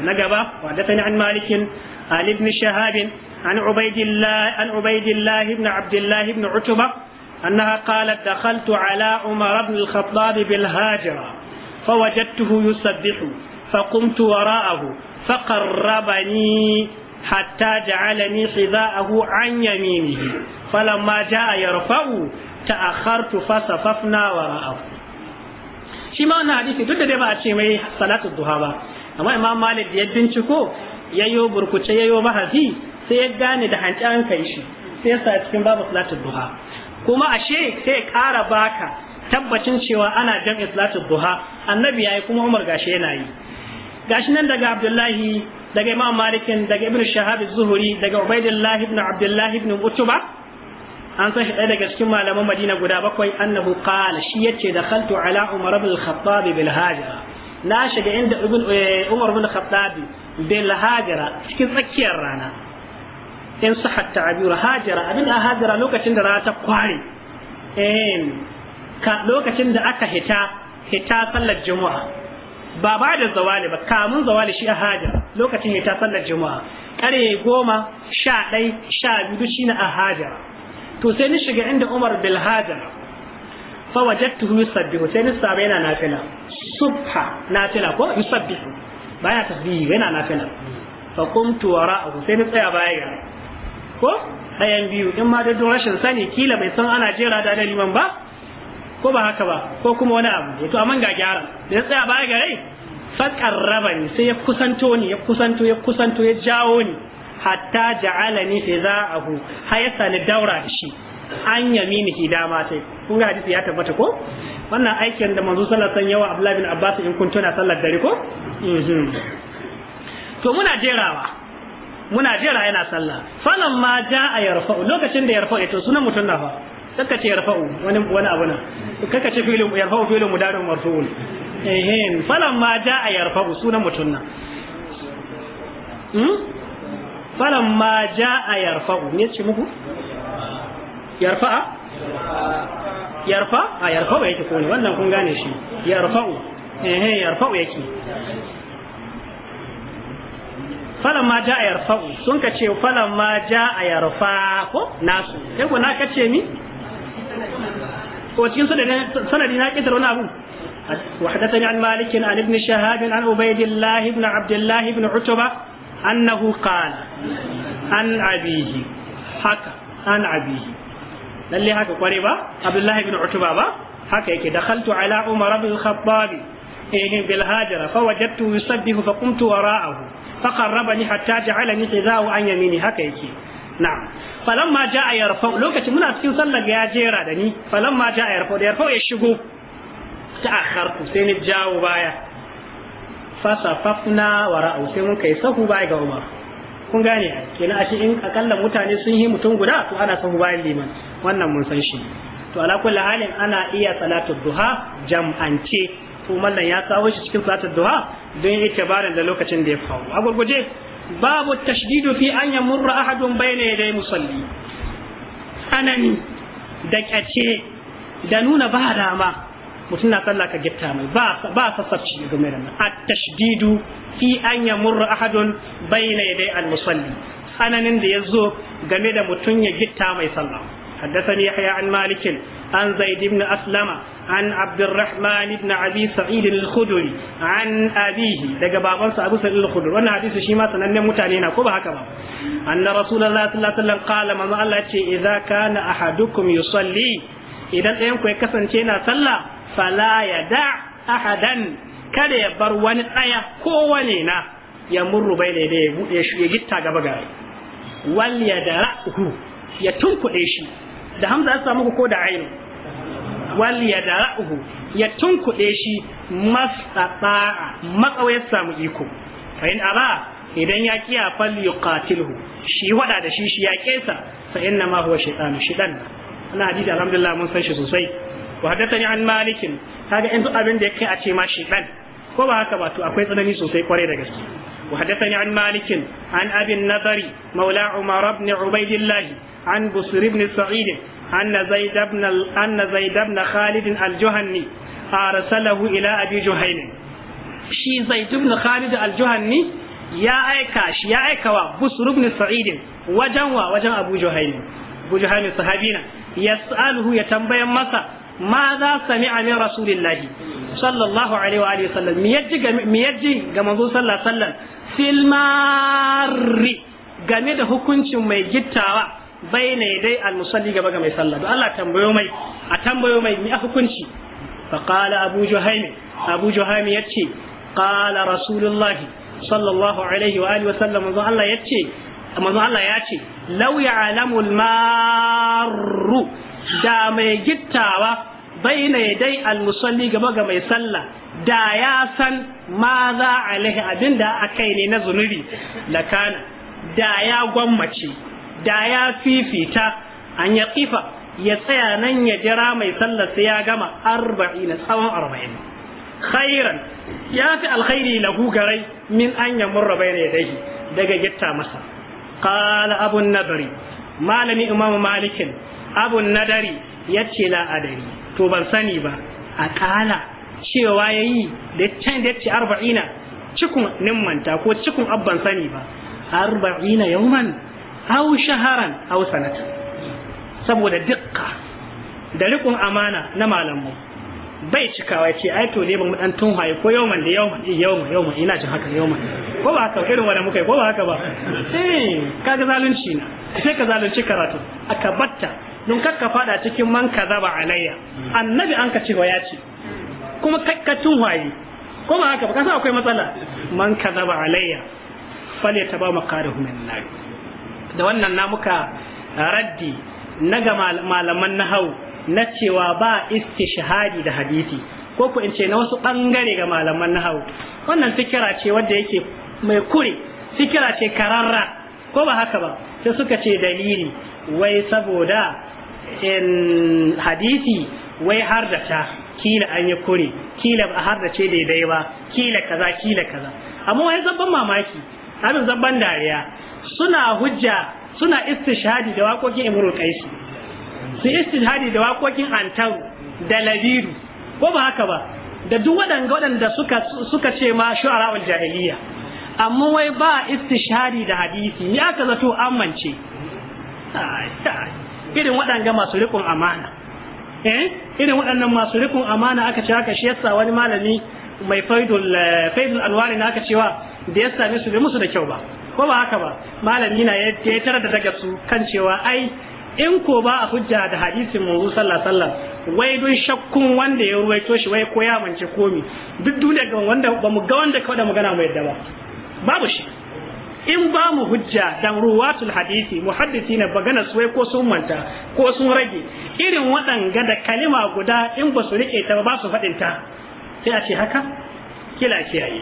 na gaba wa da an malikin an ibn shahab an ubaidillah an ubaidillah ibn abdullah ibn utba أنها قالت دخلت على عمر بن الخطاب بالهاجرة فوجدته يسبح فقمت وراءه فقربني حتى جعلني حذاءه عن يمينه فلما جاء يرفع تأخرت فصففنا وراءه shi ma wannan duk da dai ba ce mai salatu Buha ba amma imam malik ya binciko yayyo burkuce yayyo bahasi sai ya gane da hanci an kai shi sai sa cikin babu salatu duha kuma ashe sai ƙara baka tabbacin cewa ana jam'i salatu Buha annabi yayi kuma umar gashi yana yi gashi nan daga abdullahi daga imam malikin daga ibn shahab zuhuri daga ubaidullah ibn abdullah ibn utuba an san shi daga cikin malaman madina guda bakwai annahu qala shi yace da khaltu ala umar ibn al-khattab bil hajra na shiga inda ibn eh, umar ibn al-khattab bil hajra cikin tsakiyar rana in sahat ta'bir hajra abin da hajra lokacin da rata ta kware eh ka lokacin da aka hita hita sallar juma'a ba ba da zawali ba kamun zawali shi a haja lokacin ya ta sallar juma'a ƙarye goma sha ɗai sha biyu shi na a haja to sai ni shiga inda umar bil haja fa wajadtuhu yusabbihu sai ni sabai yana nafila subha nafila ko yusabbihu baya tasbihi yana nafila fa qumtu wara'ahu sai ni tsaya baya ga ko ɗayan biyu in ma da rashin sani kila bai san ana jera da liman ba ko ba haka ba ko kuma wani abu to amma ga gyara da ya tsaya baya gare faƙarraba ni sai ya kusanto ni ya kusanto ya kusanto ya jawo ni hatta ja'alani fi za'ahu hayasa ni daura shi an yaminihi hidama sai kun ga hadisi ya tabbata ko wannan aikin da manzo sallallahu alaihi wasallam yawa Abdullahi bin Abbas in kun tuna sallar dare ko mhm. to muna jerawa muna jera yana sallah fa ma ja'a yarfa lokacin da yarfa to sunan mutun na fa kaka ce yarfa'u wani wani abu na kaka ce filin yarfa'u filin mudarin marfu'un ehem falan ma jaa yarfa'u sunan mutunna hmm falan ma jaa yarfa'u ne ce muku yarfa'a yarfa a yarfa'u yake ko ne wannan kun gane shi yarfa'u ehe yarfa'u yake falan ma ja a yarfa'u sun ka ce falan ma ja a yarfa ko nasu sai ko na kace mi ko cikin sanadi na kitar wani abu وحدثني عن مالك عن ابن شهاب عن عبيد الله بن عبد الله بن عتبة أنه قال عن أبيه حكى عن أبيه للي حكى قريبا عبد الله بن عتبة حكى دخلت على عمر بن الخطاب بالهاجرة فوجدته يسبه فقمت وراءه فقربني حتى جعلني حذاء عن يميني هكا يكي na'am ma ja'a yarfa lokacin muna cikin sallar ya jera da ni ma ja'a yarfa da yarfa ya shigo ta akharku. sai ni jawo baya fafna wa ra'u sai mun kai sahu baya ga Umar kun gane kenan ashe in akalla mutane sun yi mutum guda to ana sahu bayan liman wannan mun san shi to ala kulli halin ana iya salatu duha jam'ance to mallan ya kawo shi cikin salatu duha don yake barin da lokacin da ya faru a gurguje babu tashdidu fi an yamurra ahadun bayna yaday musalli anani da kyace da nuna ba dama mutum na sallah ka gitta mai ba ba sassarci da nan at tashdidu fi an yamurra ahadun bayna yaday al musalli tsananin da game da mutum ya gita mai sallah حدثني يحيى عن مالك عن زيد بن أسلم عن عبد الرحمن بن أبي سعيد الخدري عن أبيه daga babansa Abu Sa'id al-Khudri wannan hadisi shi ma sanannen mutane na ko ba haka ba anna rasulullahi sallallahu alaihi wasallam qala manzo Allah ce idza kana ahadukum yusalli idan ɗayan ku ya kasance na sallah fala yada ahadan kada ya bar wani ɗaya kowane na ya murru bai da ya buɗe shi ya gitta gaba gare wal yadara'hu ya tunkuɗe shi da hamza ya samu ko da ainu wal ya tunkuɗe shi mastata'a makawai samu iko fa in aba idan ya kiya fal yuqatilhu shi wada da shi shi ya kesa fa inna ma huwa shaytanu shidan ana hadisi alhamdulillah mun san shi sosai wa hadathani an malikin kaga in zu abin da yake a ce ma shidan ko ba haka ba to akwai tsanani sosai kwarai da gaske وحدثني عن مالك عن أبي النضر مولى عمر بن عبيد الله عن بصر بن سعيد أن زيد بن أن زيد بن خالد الجهني أرسله إلى أبي جهيم شي زيد بن خالد الجهني يا أيكاش يا أيكوا بصر بن سعيد وجنوا وجن أبو جهيم أبو جهيم صحابينا يسأله يتنبين مسا ma za sami amin rasulillahi sallallahu alaihi wa alihi sallam mi yaji ga manzo sallallahu filmari game da hukuncin mai gittawa bai ne dai almusalli gaba ga mai sallah don Allah tambayo mai a tambayo mai hukunci fa qala abu juhaimi abu juhaimi yace qala rasulullahi sallallahu alaihi wa alihi wa sallam manzo Allah yace manzo Allah law al-marru da mai gittawa bayna yadai al-musalli gaba ga mai sallah da ya san ma za alaihi abinda kai ne na zunubi lakana da ya gwammace da ya fifita an ya ya tsaya nan ya jira mai sallar sai ya gama arba'in tsawon arba'in khairan ya fi alkhairi lahu garai min an ya murra bai da daga gitta masa qala abun nadari malami imamu malikin abun nadari yace la adari to ban sani ba a ƙala cewa ya yi da can da ce arba'ina cikun nimmanta ko cikun abban sani ba arba'ina yawman au shaharan au sanata saboda dukka da riƙon amana na malamu bai cikawa ya ce ai to ba mu dan tun haye ko yawman da yawman yawman yawman ina jin haka yawman ko ba haka irin wannan muka yi ko ba haka ba eh ga zalunci na sai ka zalunci karatu aka batta don kakka fada cikin man kazaba alayya annabi an ka ce wa ya ce kuma kakka tun haye ko ba haka ba kasa akwai matsala man kazaba alayya fale ta ba makarahu min nar da wannan na muka raddi na ga malaman nahawu na cewa ba istishhadi da hadisi ko ku in ce na wasu bangare ga malaman nahawu wannan fikira ce wanda yake mai kure fikira ce kararra ko ba haka ba sai suka ce dalili wai saboda in hadisi wai har da ta kila an yi kure kila ba har da ce daidai ba kila kaza kila kaza amma wai zabban mamaki abin zabban dariya suna hujja suna istishhadi da waƙoƙin imrul kaisi su istihadi da waƙoƙin antaru da labiru ko ba haka ba da duk waɗanda waɗanda suka ce ma wal jahiliya amma wai ba istishari da hadisi ya ka zato amince irin waɗanga masu rikon amana eh? irin waɗannan masu rikon amana aka ce aka shi yasa wani malami mai faidul eh, faidul anwari na aka cewa da ya same su bai musu da kyau ba ko ba haka ba malami na ya tarar da daga su kan cewa ai in ko ba a hujja da hadisin manzo sallallahu alaihi wasallam wai dun shakkun wanda ya ruwaito shi wai ko ya mance komi duk duniya ga wanda ba mu ga wanda kawai da magana mai yadda ba babu shi in ba mu hujja dan ruwatul hadisi na bagana su wai ko sun manta ko sun rage irin waɗanga da kalima guda in ba su rike ta ba su faɗin ta sai a ce haka kila kiyaye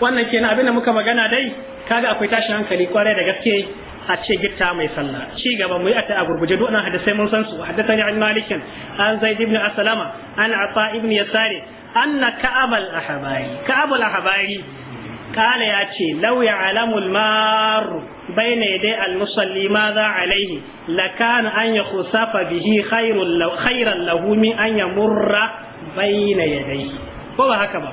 wannan kenan abinda muka magana dai kaga akwai tashin hankali kwarai da gaske a ce gitta mai sallah ci gaba mu yi a gurguje duk nan hadisai mun san su haddathani an malikin an zaid ibn aslama an ata ibn yasari anna ka'ab al ahbari ka'ab al ahbari kana ya ce law ya'lamu al mar bayna yaday al musalli ma za alayhi la kana an yakhusafa bihi khairul law khairan lahu min an yamurra bayna ko ba haka ba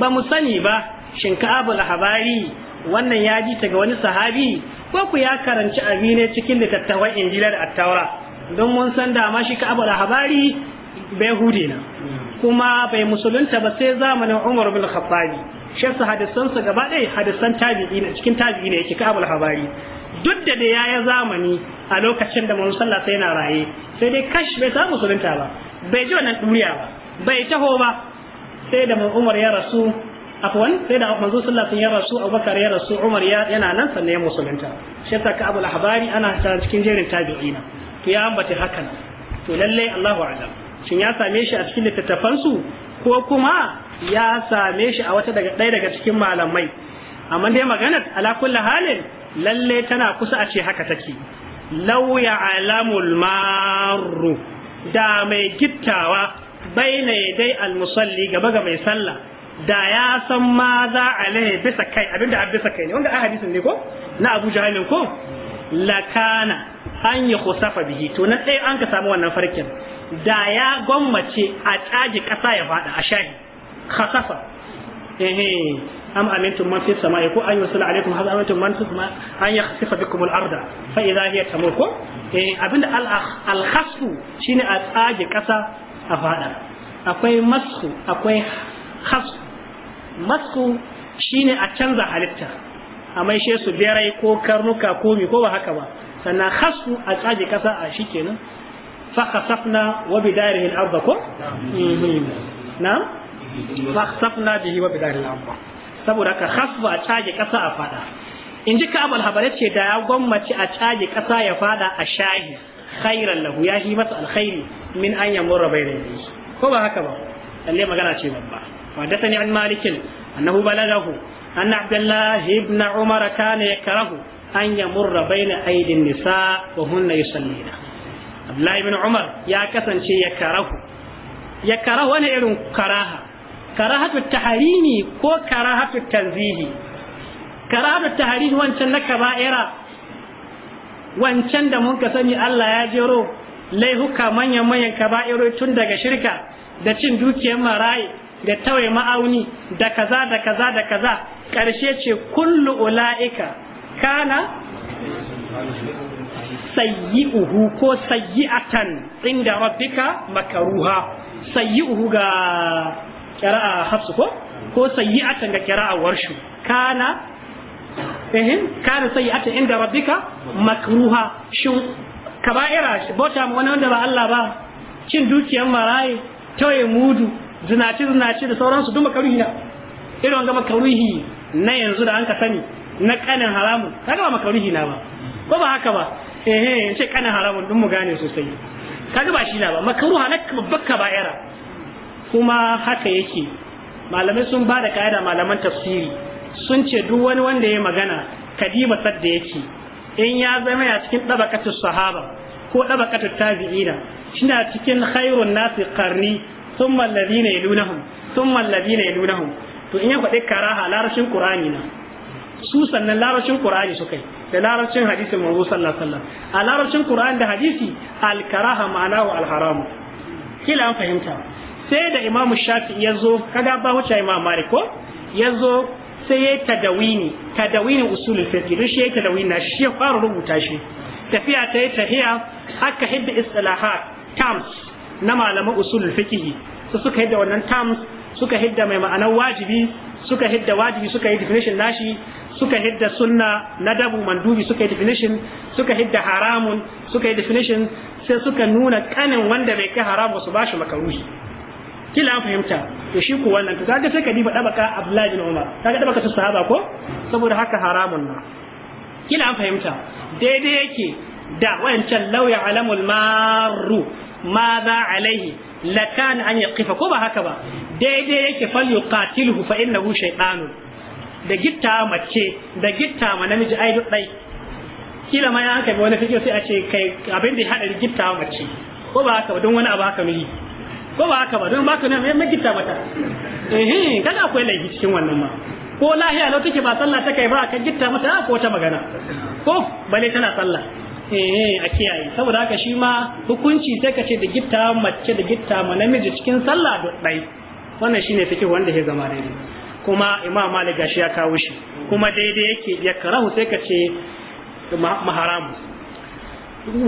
ba mu sani ba shin ka'ab al ahbari wannan ya ji ta wani sahabi ko ku ya karanci abi ne cikin littattafan injila da attaura don mun san da ma shi ka da habari bai hude na kuma bai musulunta ba sai zamanin Umar bin Khattabi shi hadisan sa gaba ɗaya hadisan tabi'i ne cikin tabi'i ne yake ka al-Habari duk da da yaya zamani a lokacin da mun Sallah sai na raye sai dai kash bai samu musulunta ba bai ji wannan duniya ba bai taho ba sai da Umar ya rasu afwan sai da manzo sallallahu alaihi ya rasu Abubakar ya rasu Umar ya yana nan sannan ya musulunta shi yasa ka abul habari ana ta cikin jerin tabi'ina to ya ambata hakan to lallai Allahu a'lam shin ya same shi a cikin littattafan su ko kuma ya same shi a wata daga ɗaya daga cikin malamai amma dai maganar ala kulli halin Lallai tana kusa a ce haka take law ya'lamul marru da mai gittawa baina dai almusalli gaba ga mai sallah da ya san ma za a lahe bisa kai abinda a bisa kai ne wanda a hadisin ne ko na abu jahilin ko lakana an yi kusafa bihi to na tsaye an ka samu wannan farkin da ya gwammace a tsage ƙasa ya fada a shahi khasafa ehe am amintum man fis sama'i ko an yusala alaikum hal amintum man fis ma an yakhsifa bikum al arda fa idha hiya tamur ko eh abinda al al khasfu shine a tsage ƙasa a fada akwai masu, akwai khasfu masku shine a canza halitta a maishe su berai ko karnuka ko mi ko ba haka ba sannan khasfu a tsaje kasa a shikenan fa khasafna wa bidarihi al-ardh ko mm-hmm. na fa khasafna bihi wa bidarihi al-ardh saboda ka khasfu a tsaje kasa a fada in ji ka'ab al-habari ce da ya gwammaci a tsaje kasa ya fada a shahi khairan lahu ya yi masa alkhairi min an yamurra bayna ko ba haka ba lalle magana ce babba وحدثني عن مالك أنه بلغه أن عبد الله بن عمر كان يكره أن يمر بين أيدي النساء وهن يصلين عبد الله بن عمر يا كسن شي يكره يكره أنا إرن كراهة كراهة التحريم كو كراهة التنزيه كراهة التحريم وانشان كبائرة wancan da mun ka sani Allah ya jero laihuka manyan manyan kaba'iro tun daga shirka da cin dukiyar marayi da tawai ma'auni da kaza da kaza da kaza karshe ce kullu ula'ika kana sayyi'uhu ko sayyi'atan inda rabbika makaruha sayyi'uhu ga kira'a hafsu ko ko sayyi'atan ga kira'a warshu kana ehin kana sayyi'atan inda rabbika makruha shin kaba'ira bota wani wanda ba Allah ba cin dukiyar maraye tawaye mudu zinaci zinaci da sauransu duk makaruhi na irin wanga makaruhi na yanzu da an ka sani na kanin haramun Ka ba makaruhi na ba ko ba haka ba eh eh ce kanin haramun duk mu gane sosai Ka ba shi na ba makaruha na babbar kaba'ira kuma haka yake malamai sun ba da ka'ida malaman tafsiri sun ce duk wani wanda ya magana kadima sadda yake in ya zama ya cikin dabakatu sahaba ko dabakatu tabi'ina na cikin khairun nasi karni thumma alladhina yalunahum thumma alladhina yalunahum to in ya faɗi karaha larashin qur'ani na su sannan larashin qur'ani su kai da larashin hadisin manzo sallallahu alaihi wasallam a larashin qur'ani da hadisi al karaha ma'ana wa al haram kila an fahimta sai da imam shafi ya zo kaga ba wuce imam malik ko ya zo sai ya tadawini tadawini usulul fiqh don shi ya tadawini na shi ya fara rubuta shi tafiya ta yi tahiya aka hidda istilaha terms na malaman usulul fiqh su suka hidda wannan terms suka hidda mai ma'anar wajibi suka hidda wajibi suka yi definition nashi suka hidda sunna na dabu mandubi suka yi definition suka hidda haramun suka yi definition sai suka nuna kanin wanda bai kai haramu su bashi makaruhi kila an fahimta to shi ko wannan to kaga sai ka diba dabaka Abdullahi bin Umar kaga dabaka su sahaba ko saboda haka haramun na kila an fahimta daidai yake da wancan lauya alamul maru? ma za alaihi lakan an ya kifa ko ba haka ba daidai yake fal hufa ina hu shaiɗanu da gitta mace da gitta ma namiji ai duk ɗai kila ma ya haka wani fikir sai a ce kai abin da ya hada gitta mace ko ba haka ba don wani abu haka yi. ko ba haka ba don baka ne mai gitta mata eh kada akwai laifi cikin wannan ma ko lahiya lau ba sallah ta kai ba ka gitta mata ko ta magana ko bale tana sallah eh a kiyaye saboda haka shi ma hukunci sai ka ce da gitta mace da gitta ma namiji cikin sallah da dai wannan shine fiqh wanda ya zama dai kuma imam malik gashi ya kawo shi kuma daidai yake ya karahu sai ka ce maharamu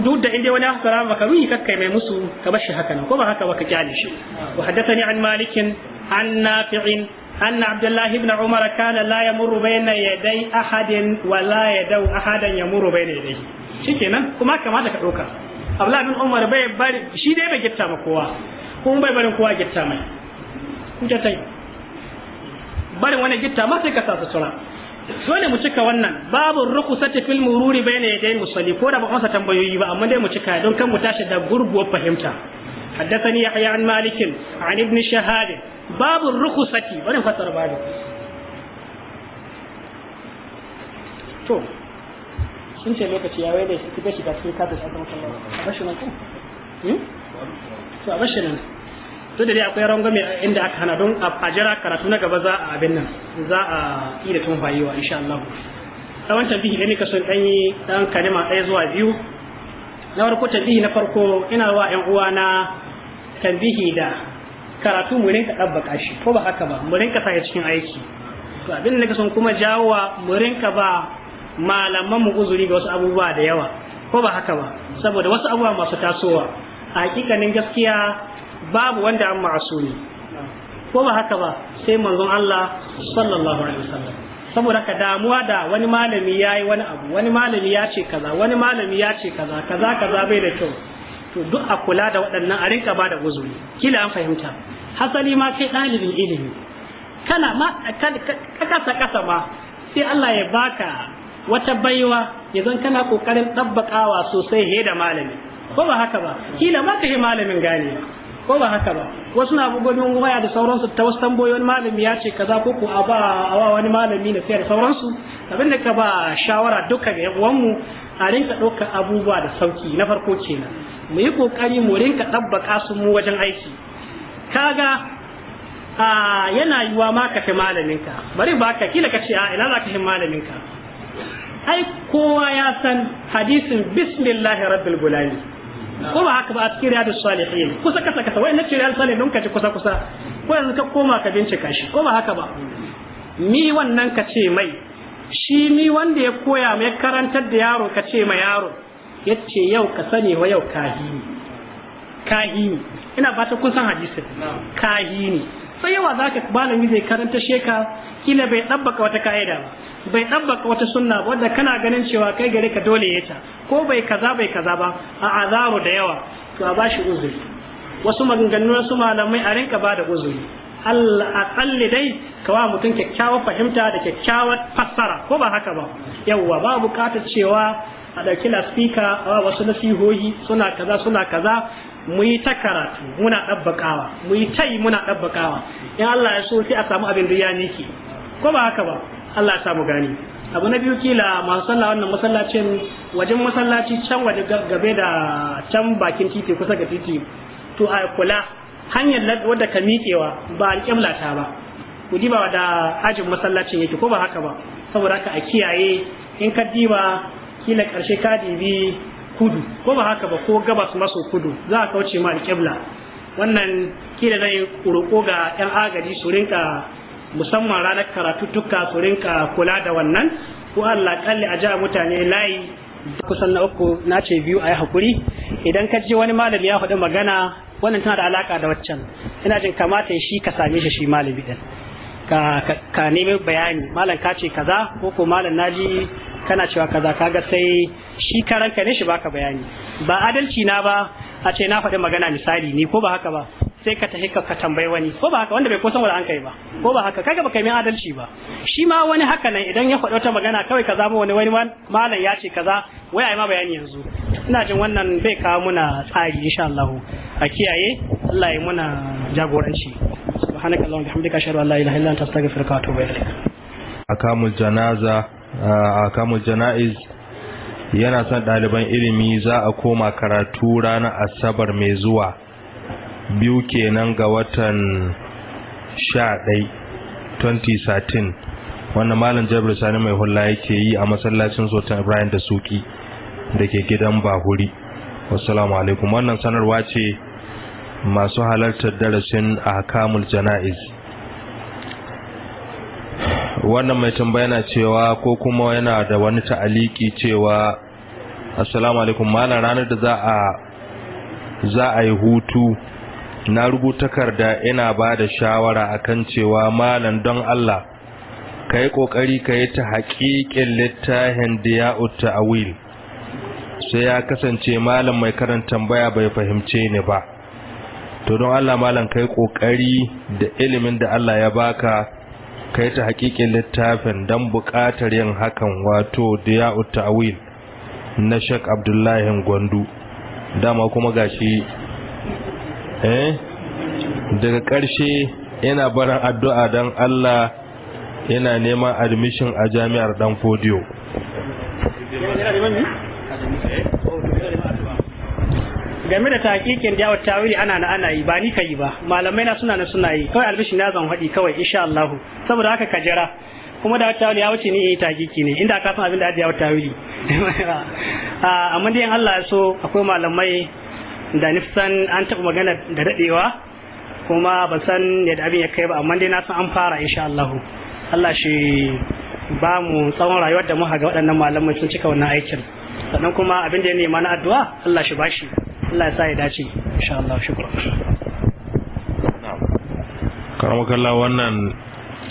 duk da inda wani ka baka ka kakkai mai musu ka bar shi haka nan ko ba haka ba ka kyale shi wa ni an malikin an nafi'in أن عبد الله بن عمر كان لا يمر بين يدي أحد ولا يدو أحدا يمر بين يديه kuma kamata ka ɗauka Abdullahi bin Umar bai bari shi dai bai gitta ma kowa kuma bai barin kowa gitta mai kuka tai barin wani gitta sai ka sa dole mu cika wannan babu rukusati fil mururi bayna yaday musalli ko da ba masa tambayoyi ba amma dai mu cika don kan mu tashi da gurguwar fahimta حدثني يحيى عن مالك عن ابن babu rukusati bari fasara babu to sun ce lokaci ya waye da shi kika shiga cikin kafin sa kuma kallon bashin ku to a bashin to da dai akwai rangwame inda aka hana don a jira karatu na gaba za a abin nan za a yi da tun bayewa insha Allah tsawon tabihi ne ka son dan yi dan kalima ɗaya zuwa biyu na farko tabihi na farko ina wa ƴan uwa na tabihi da karatu mu rinka ɗabbaka shi ko ba haka ba mu rinka sa cikin aiki to abin da son kuma jawowa mu rinka ba malaman mu uzuri ga wasu abubuwa da yawa ko ba haka ba saboda wasu abubuwa masu tasowa a hakikanin gaskiya babu wanda an ma'asumi ko ba haka ba sai manzon Allah sallallahu alaihi wasallam saboda ka damuwa da wani malami yayi wani abu wani malami ya ce kaza wani malami ya ce kaza kaza kaza bai da kyau to duk a kula da waɗannan a rinka da uzuri kila an fahimta hasali ma kai ɗalibin ilimi kana ma kasa kasa ma sai Allah ya baka wata baiwa ya zan kana kokarin ɗabbakawa sosai he da malami ko ba haka ba kila ma ka malamin gane ko ba haka ba wasu na bugonin waya da sauransu ta wasu tambayoyin malami ya ce kaza ko ko a ba wani malami na fiye da sauransu abinda ka ba shawara duka ga yan uwanmu a rinka ɗaukar abubuwa da sauki na farko kenan mu yi ƙoƙari mu rinka ɗabbaka su mu wajen aiki kaga a yana yiwa ma ka fi malaminka bari ba ka kila ka ce a ina za ka fi malaminka ai kowa ya san hadisin bismillah rabbil gulani ko ba haka ba a cikin riyadus salihin kusa kasa kasa wai na ce riyadus salihin don ka ci kusa kusa ko yanzu ka koma ka bincika shi ko ba haka ba ni wannan ka ce mai shi ni wanda ya koya mai karantar da yaro ka ce ma yaro ya ce yau ka sani wa yau kahini kahini ina fata kun san kahi kahini sai yawa za ka malami zai karanta sheka kila bai ɗabbaka wata ka'ida ba bai ɗabbaka wata sunna ba wadda kana ganin cewa kai gare ka dole ya ta ko bai kaza bai kaza ba a azaru da yawa to a bashi uzuri wasu maganganu wasu malamai a rinka ba da uzuri al'aƙalli dai kawa mutum kyakkyawar fahimta da kyakkyawar fassara ko ba haka ba yawwa ba buƙatar cewa a ɗauki spika a wasu nasihohi suna kaza suna kaza mu yi ta karatu muna ɗabbaƙawa mu yi tai muna ɗabbakawa in Allah ya so sai a samu abin riya niki ko ba haka ba Allah ya samu gani abu na biyu kila masu sallah wannan masallacin wajen masallaci can waje gabe da can bakin titi kusa ga titi to a kula hanyar wadda ka miƙewa ba alƙibla ta ba ku diba da ajin masallacin yake ko ba haka ba saboda haka a kiyaye in ka diba kila ƙarshe ka dibi kudu ko ba haka ba ko gabas maso kudu za a kauce ma alƙibla wannan kila zai roƙo ga 'yan agaji su rinka musamman ranar karatuttuka su rinka kula da wannan ko Allah kalli a ja mutane layi kusan na uku na ce biyu a yi hakuri idan ka ji wani malami ya faɗi magana wannan tana da alaka da waccan ina jin kamata shi ka same shi shi malami din ka ka nemi bayani malam ka ce kaza ko ko malam naji kana cewa kaza kaga sai shi karanka ne shi baka bayani ba adalci na ba a ce na faɗi magana misali ni ko ba haka ba sai ka tafi ka tambayi wani ko ba haka wanda bai kusan wani an kai ba ko ba haka kaga baka yi adalci ba shi ma wani haka nan idan ya faɗi wata magana kawai kaza mu wani wani malam ya ce kaza wai ai ma bayani yanzu ina jin wannan bai kawo muna tsari insha Allah a kiyaye Allah ya muna jagoranci Allahumma bihamdika ashhadu an la ilaha illa anta astaghfiruka wa atubu ilaik akamul janaza uh, akamul janaiz yana son ɗaliban ilimi za a koma karatu ranar asabar mai zuwa biyu kenan ga watan 11, 2013 wannan malam jabir sani mai hulla yake yi a masallacin sultan ibrahim da suki da ke gidan bahuri wasu alaikum wannan sanarwa ce masu halartar darasin a kamul jana'iz wannan mai tambaya na cewa ko kuma yana da wani ta'aliki cewa assalamu alaikum malam ranar da za a za a yi hutu na rubuta da ina ba da shawara akan cewa malam don Allah ka yi ƙoƙari ka yi ta haƙiƙin littafin a wil, sai ya kasance malam mai karanta tambaya bai fahimce ni ba to don Allah malam kai kokari da ilimin da Allah ya baka kai ta hakikin littafin dan buƙatar yin hakan wato ya ta'wil na shak Abdullahi Gwandu dama kuma gashi eh daga ƙarshe yana barin addu'a dan Allah yana neman admission a jami'ar Dan Fodiyo game da taqiqin da wa ana na ana yi ba ni kai ba malamai na suna na suna yi kawai albishi na zan haɗi kawai insha Allah saboda haka ka jira kuma da tawiri ya wuce ni yi taqiqi ne inda ka san abin da da tawiri *laughs* amma dai Allah ya so akwai malamai da nifsan an taɓa magana da daɗewa kuma ban san yadda abin ya kai ba amma dai na san an fara insha Allah Allah shi ba mu tsawon rayuwar da muka ga waɗannan malamai sun cika wannan aikin sannan kuma abin da ya nema na addu'a Allah shi bashi Allah ya sa ya dace insha Allah shukran karamakalla wannan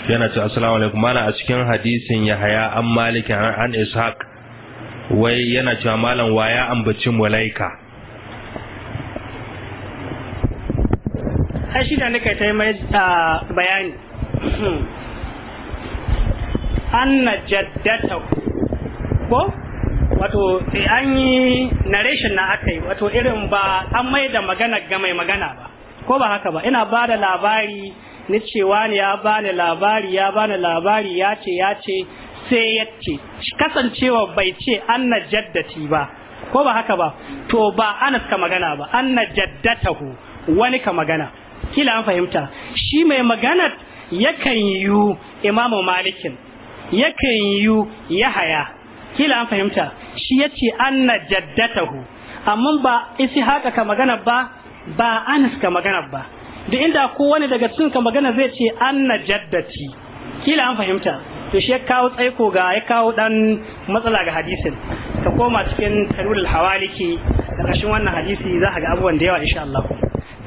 yana ce assalamu alaikum mana a cikin hadisin yahaya an maliki an ishaq wai yana cewa malam waya ambaci malaika ai shi da nika ta mai bayani hmm. anna jaddatahu ko wato an yi narration na aka yi wato irin ba an mai da magana ga mai magana ba ko ba haka ba ina ba da labari ni cewa ne ya bani labari ya bani labari ya ce ya ce sai ya ce kasancewa bai ce an na jaddati ba ko ba haka ba to ba anas ka magana ba an jaddata hu wani ka magana kila an fahimta shi mai magana yakan yiwu imamu malikin yakan yiwu yahaya kila an fahimta shi yace anna jaddatahu amma ba isi haka ka magana ba ba anas ka magana ba duk inda ko daga cikin ka magana zai ce anna jaddati kila an fahimta to shi ya kawo tsaiko ga ya kawo dan matsala ga hadisin ka koma cikin tarul hawaliki da kashin wannan hadisi za ka ga abubuwan da yawa insha Allah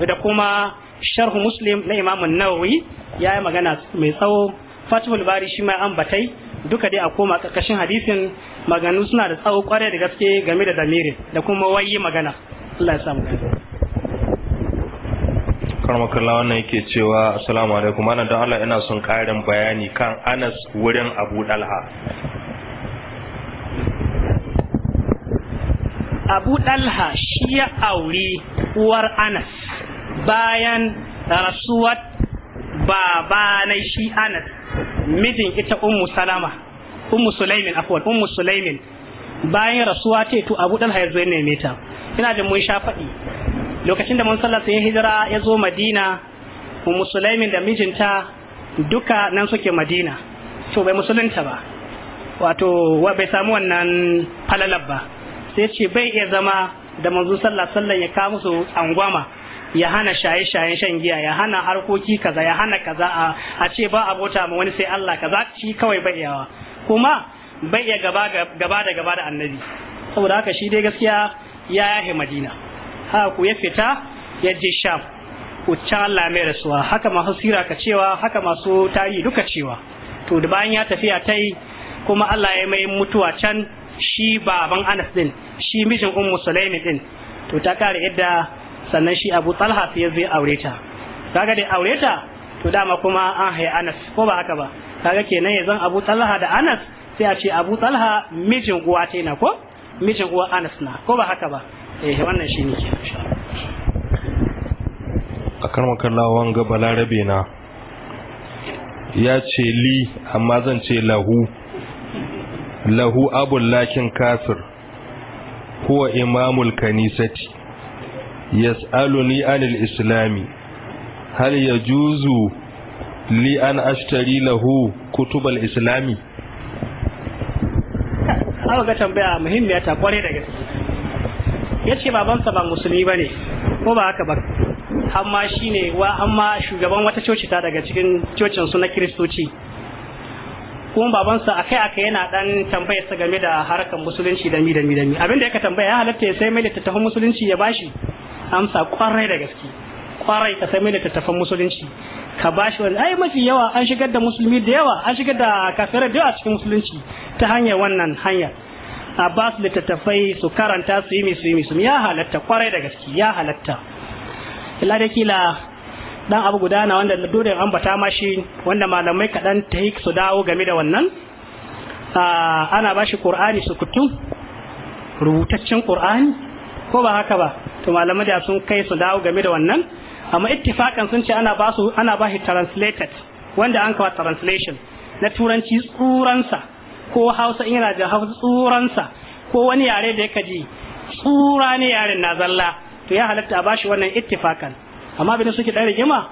da kuma sharh muslim na imam nawawi yayi magana mai tsawo fatul bari shi ma ambatai. duka dai a koma ƙarƙashin hadisin maganu suna da tsawo kwarai da gaske game da damirin da kuma wayi magana Allah ya samu gani karmakalla wannan yake cewa assalamu alaikum ana don Allah ina son ƙarin bayani kan Anas wurin Abu Dalha Abu Dalha shi ya auri uwar Anas bayan rasuwar babanai shi Anas mijin ita ummu salama ummu sulaimin afwan ummu sulaimin bayan rasuwa ce to abu dalha ya zo ya neme ta ina da mun sha faɗi lokacin da mun sallata sai hijira ya zo madina ummu sulaimin da mijinta duka nan suke madina to bai musulunta ba wato bai samu wannan falalar ba sai ce bai iya zama da manzo sallah sallan ya kawo musu angwama ya hana shaye-shayen shan giya ya hana harkoki kaza ya hana kaza a ce ba abota ma wani sai Allah kaza shi kawai bai yawa kuma bai ya gaba gaba da gaba da annabi saboda haka shi dai gaskiya ya yahe Madina haka ku ya fita ya je Sham can Allah mai rasuwa haka masu sira ka cewa haka masu tarihi duka cewa to da bayan ya tafiya tai kuma Allah ya mai mutuwa can shi baban Anas din shi mijin Ummu Sulaimi din to ta kare yadda sannan shi abu talha sai zai aure ta kaga dai aure ta to dama kuma an haya anas ko ba haka ba kaga kenan ya zan abu talha da anas sai a ce abu talha mijin uwa ta na ko mijin uwa anas na ko ba haka ba eh wannan shi ne a kan lawan ga balarabe na ya ce li amma zan ce lahu lahu abun lakin kasir huwa imamul kanisati yas'aluni anil islami hal yajuzu li an ashtari lahu kutubal islami haka ga tambaya muhimmiya ta kware da yace babansa ba musulmi bane ko ba haka ba amma shine wa amma shugaban wata coci ta daga cikin cocin su na kristoci kuma babansa akai akai yana dan tambayar sa game da harkar musulunci da mi da mi da mi abinda yake tambaya ya halatta ya sai mai littattafan musulunci ya bashi amsa kwarai da gaske kwarai ka sami da tattafan musulunci ka bashi wani ai mafi yawa an shigar da musulmi da yawa an shigar da kafira da yawa cikin musulunci ta hanyar wannan hanyar a ba su littattafai su karanta su yi su yi su ya halatta kwarai da gaske ya halatta illa da kila dan abu guda na wanda dole bata ma shi wanda malamai kaɗan ta yi su dawo game da wannan ana ba shi ƙur'ani su kutu rubutaccen ƙur'ani ko ba haka ba to malamai da sun kai su dawo game da wannan amma ittifakan sun ce ana ba su ana ba shi translated wanda an kawo translation na turanci tsuransa ko hausa in yana da hausa tsuransa ko wani yare da yake ji tsura ne yaren na zalla to ya halatta a bashi wannan ittifakan amma bin suke dan rigima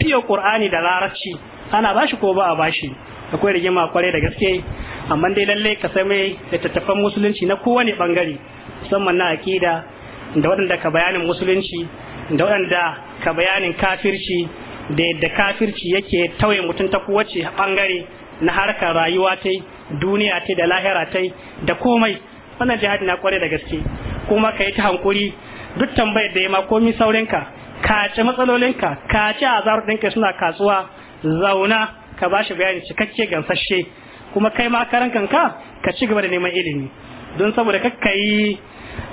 fiye qur'ani da larabci ana bashi ko ba a bashi akwai rigima kwarai da gaske amma dai lalle ka sai mai tattafan musulunci na kowane bangare musamman na akida da waɗanda ka bayanin musulunci da waɗanda ka bayanin kafirci da yadda kafirci yake tauye mutum ta kowace bangare na harkar rayuwa ta duniya ta da lahira ta da komai wannan jihadi na kware da gaske kuma ka yi ta hankuri duk tambayar da ya ma komi saurinka ka ci matsalolinka ka ci azar ɗinka suna kasuwa zauna ka ba shi bayani cikakke gansashe kuma kai ma karan kanka ka ci gaba da neman ilimi don saboda kakka yi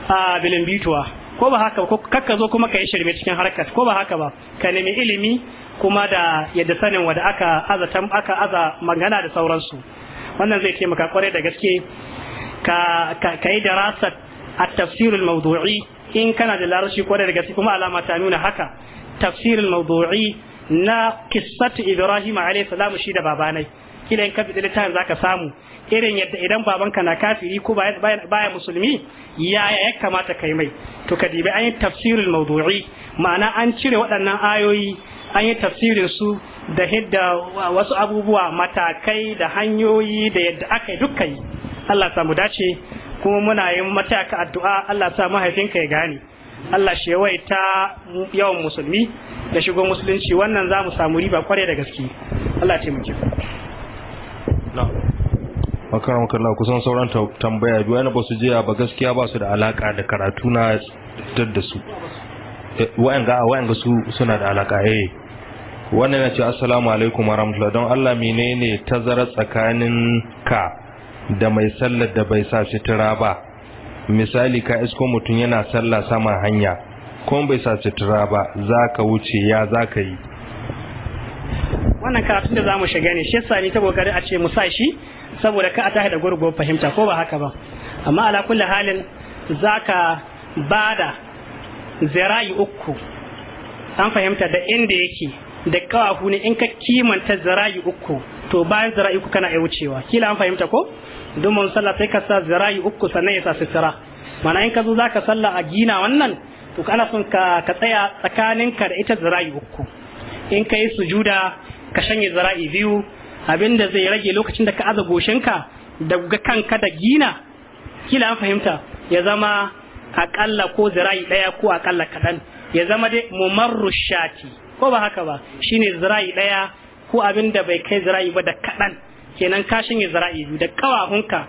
a bilin bituwa ko ba haka ko kakka zo kuma ka yi shirme cikin harkar ko ba haka ba ka nemi ilimi kuma da yadda sanin wanda aka aza aka aza magana da sauransu wannan zai taimaka kwarai da gaske ka ka yi darasar at-tafsir al-mawdu'i in kana da larashi kwarai da gaske kuma alama ta nuna haka tafsir al-mawdu'i na kissatu ibrahim alayhi salam shi da babanai kila in ka bi littafin zaka samu irin yadda idan babanka na kafiri ko baya musulmi ya ya kamata kai mai to ka dibi an yi tafsirul mawdu'i ma'ana an cire waɗannan ayoyi an yi tafsirin su da hidda wasu abubuwa matakai da hanyoyi da yadda aka yi dukkan yi Allah samu dace kuma muna yin mataka addu'a Allah sa mahaifinka ya gane Allah shi ta yawan musulmi da shigo musulunci wannan za mu samu riba kwarai da gaske Allah taimake mu makarar makalla kusan sauran tambaya biyu yana ba su jiya ba gaskiya ba su da alaka da karatu na tattar da su eh, wa'anga a wa'anga su suna da alaka eh wannan ya ce assalamu alaikum warahmatullahi don Allah menene tazara tsakanin ka da mai sallar da bai sa sitira ba misali ka isko mutum yana sallah sama hanya kuma bai sa sitira ba za ka wuce ya za ka yi wannan karatun da zamu shiga ne shi yasa ni ta kokari a ce mu sa shi saboda ka a tahi da gurgo fahimta ko ba haka ba amma ala kulli halin zaka bada zira'i uku an fahimta da inda yake da kawahu ne in ka kimanta zira'i uku to bayan zira'i uku kana wucewa kila an fahimta ko domin sallah sai ka sa zira'i uku sannan ya sa sitira mana in ka zo zaka sallah a gina wannan to kana son ka ka tsaya tsakaninka da ita zira'i uku in ka yi sujuda ka shanye zara'i biyu abinda zai rage lokacin da ka aza goshinka da ga kanka da gina kila an fahimta ya zama akalla ko zira'i daya ko akalla kadan ya zama dai mumarru shati ko ba haka ba shine zira'i daya ko abinda bai kai zira'i ba da kadan kenan ka shanye zira'i biyu da kawahunka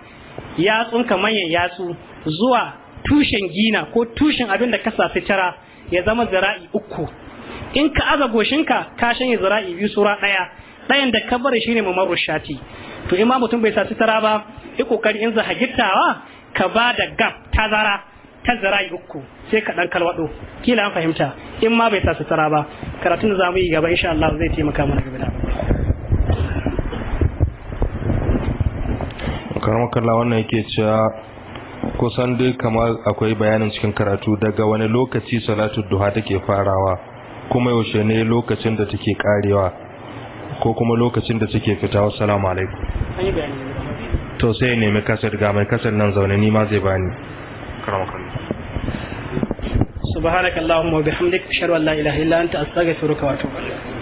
yatsunka manyan yatsu zuwa tushen gina ko tushen abinda ka sasu tara ya zama zira'i uku in ka aza goshinka ka shanye zira'i biyu sura ɗaya ɗayan da ka bari ne mamar rushati to in ma mutum bai sa sutura ba yi kokari in zaha gittawa ka ba da gab zara ta zira'i uku sai ka ɗan kalwaɗo kila an fahimta in ma bai sa sutura ba karatun da za mu yi gaba insha Allah zai taimaka mana gaba da karamakalla wannan yake cewa kusan dai kamar akwai bayanin cikin karatu daga wani lokaci salatu duha take farawa kuma yaushe ne lokacin da take karewa ko kuma lokacin da take fita wassalamu alaikum to sai nemi kasar ga mai kasar nan zaune ni ma zai bani subhanakallahumma wa bihamdika ashhadu an la ilaha illa anta astaghfiruka wa atubu ilaik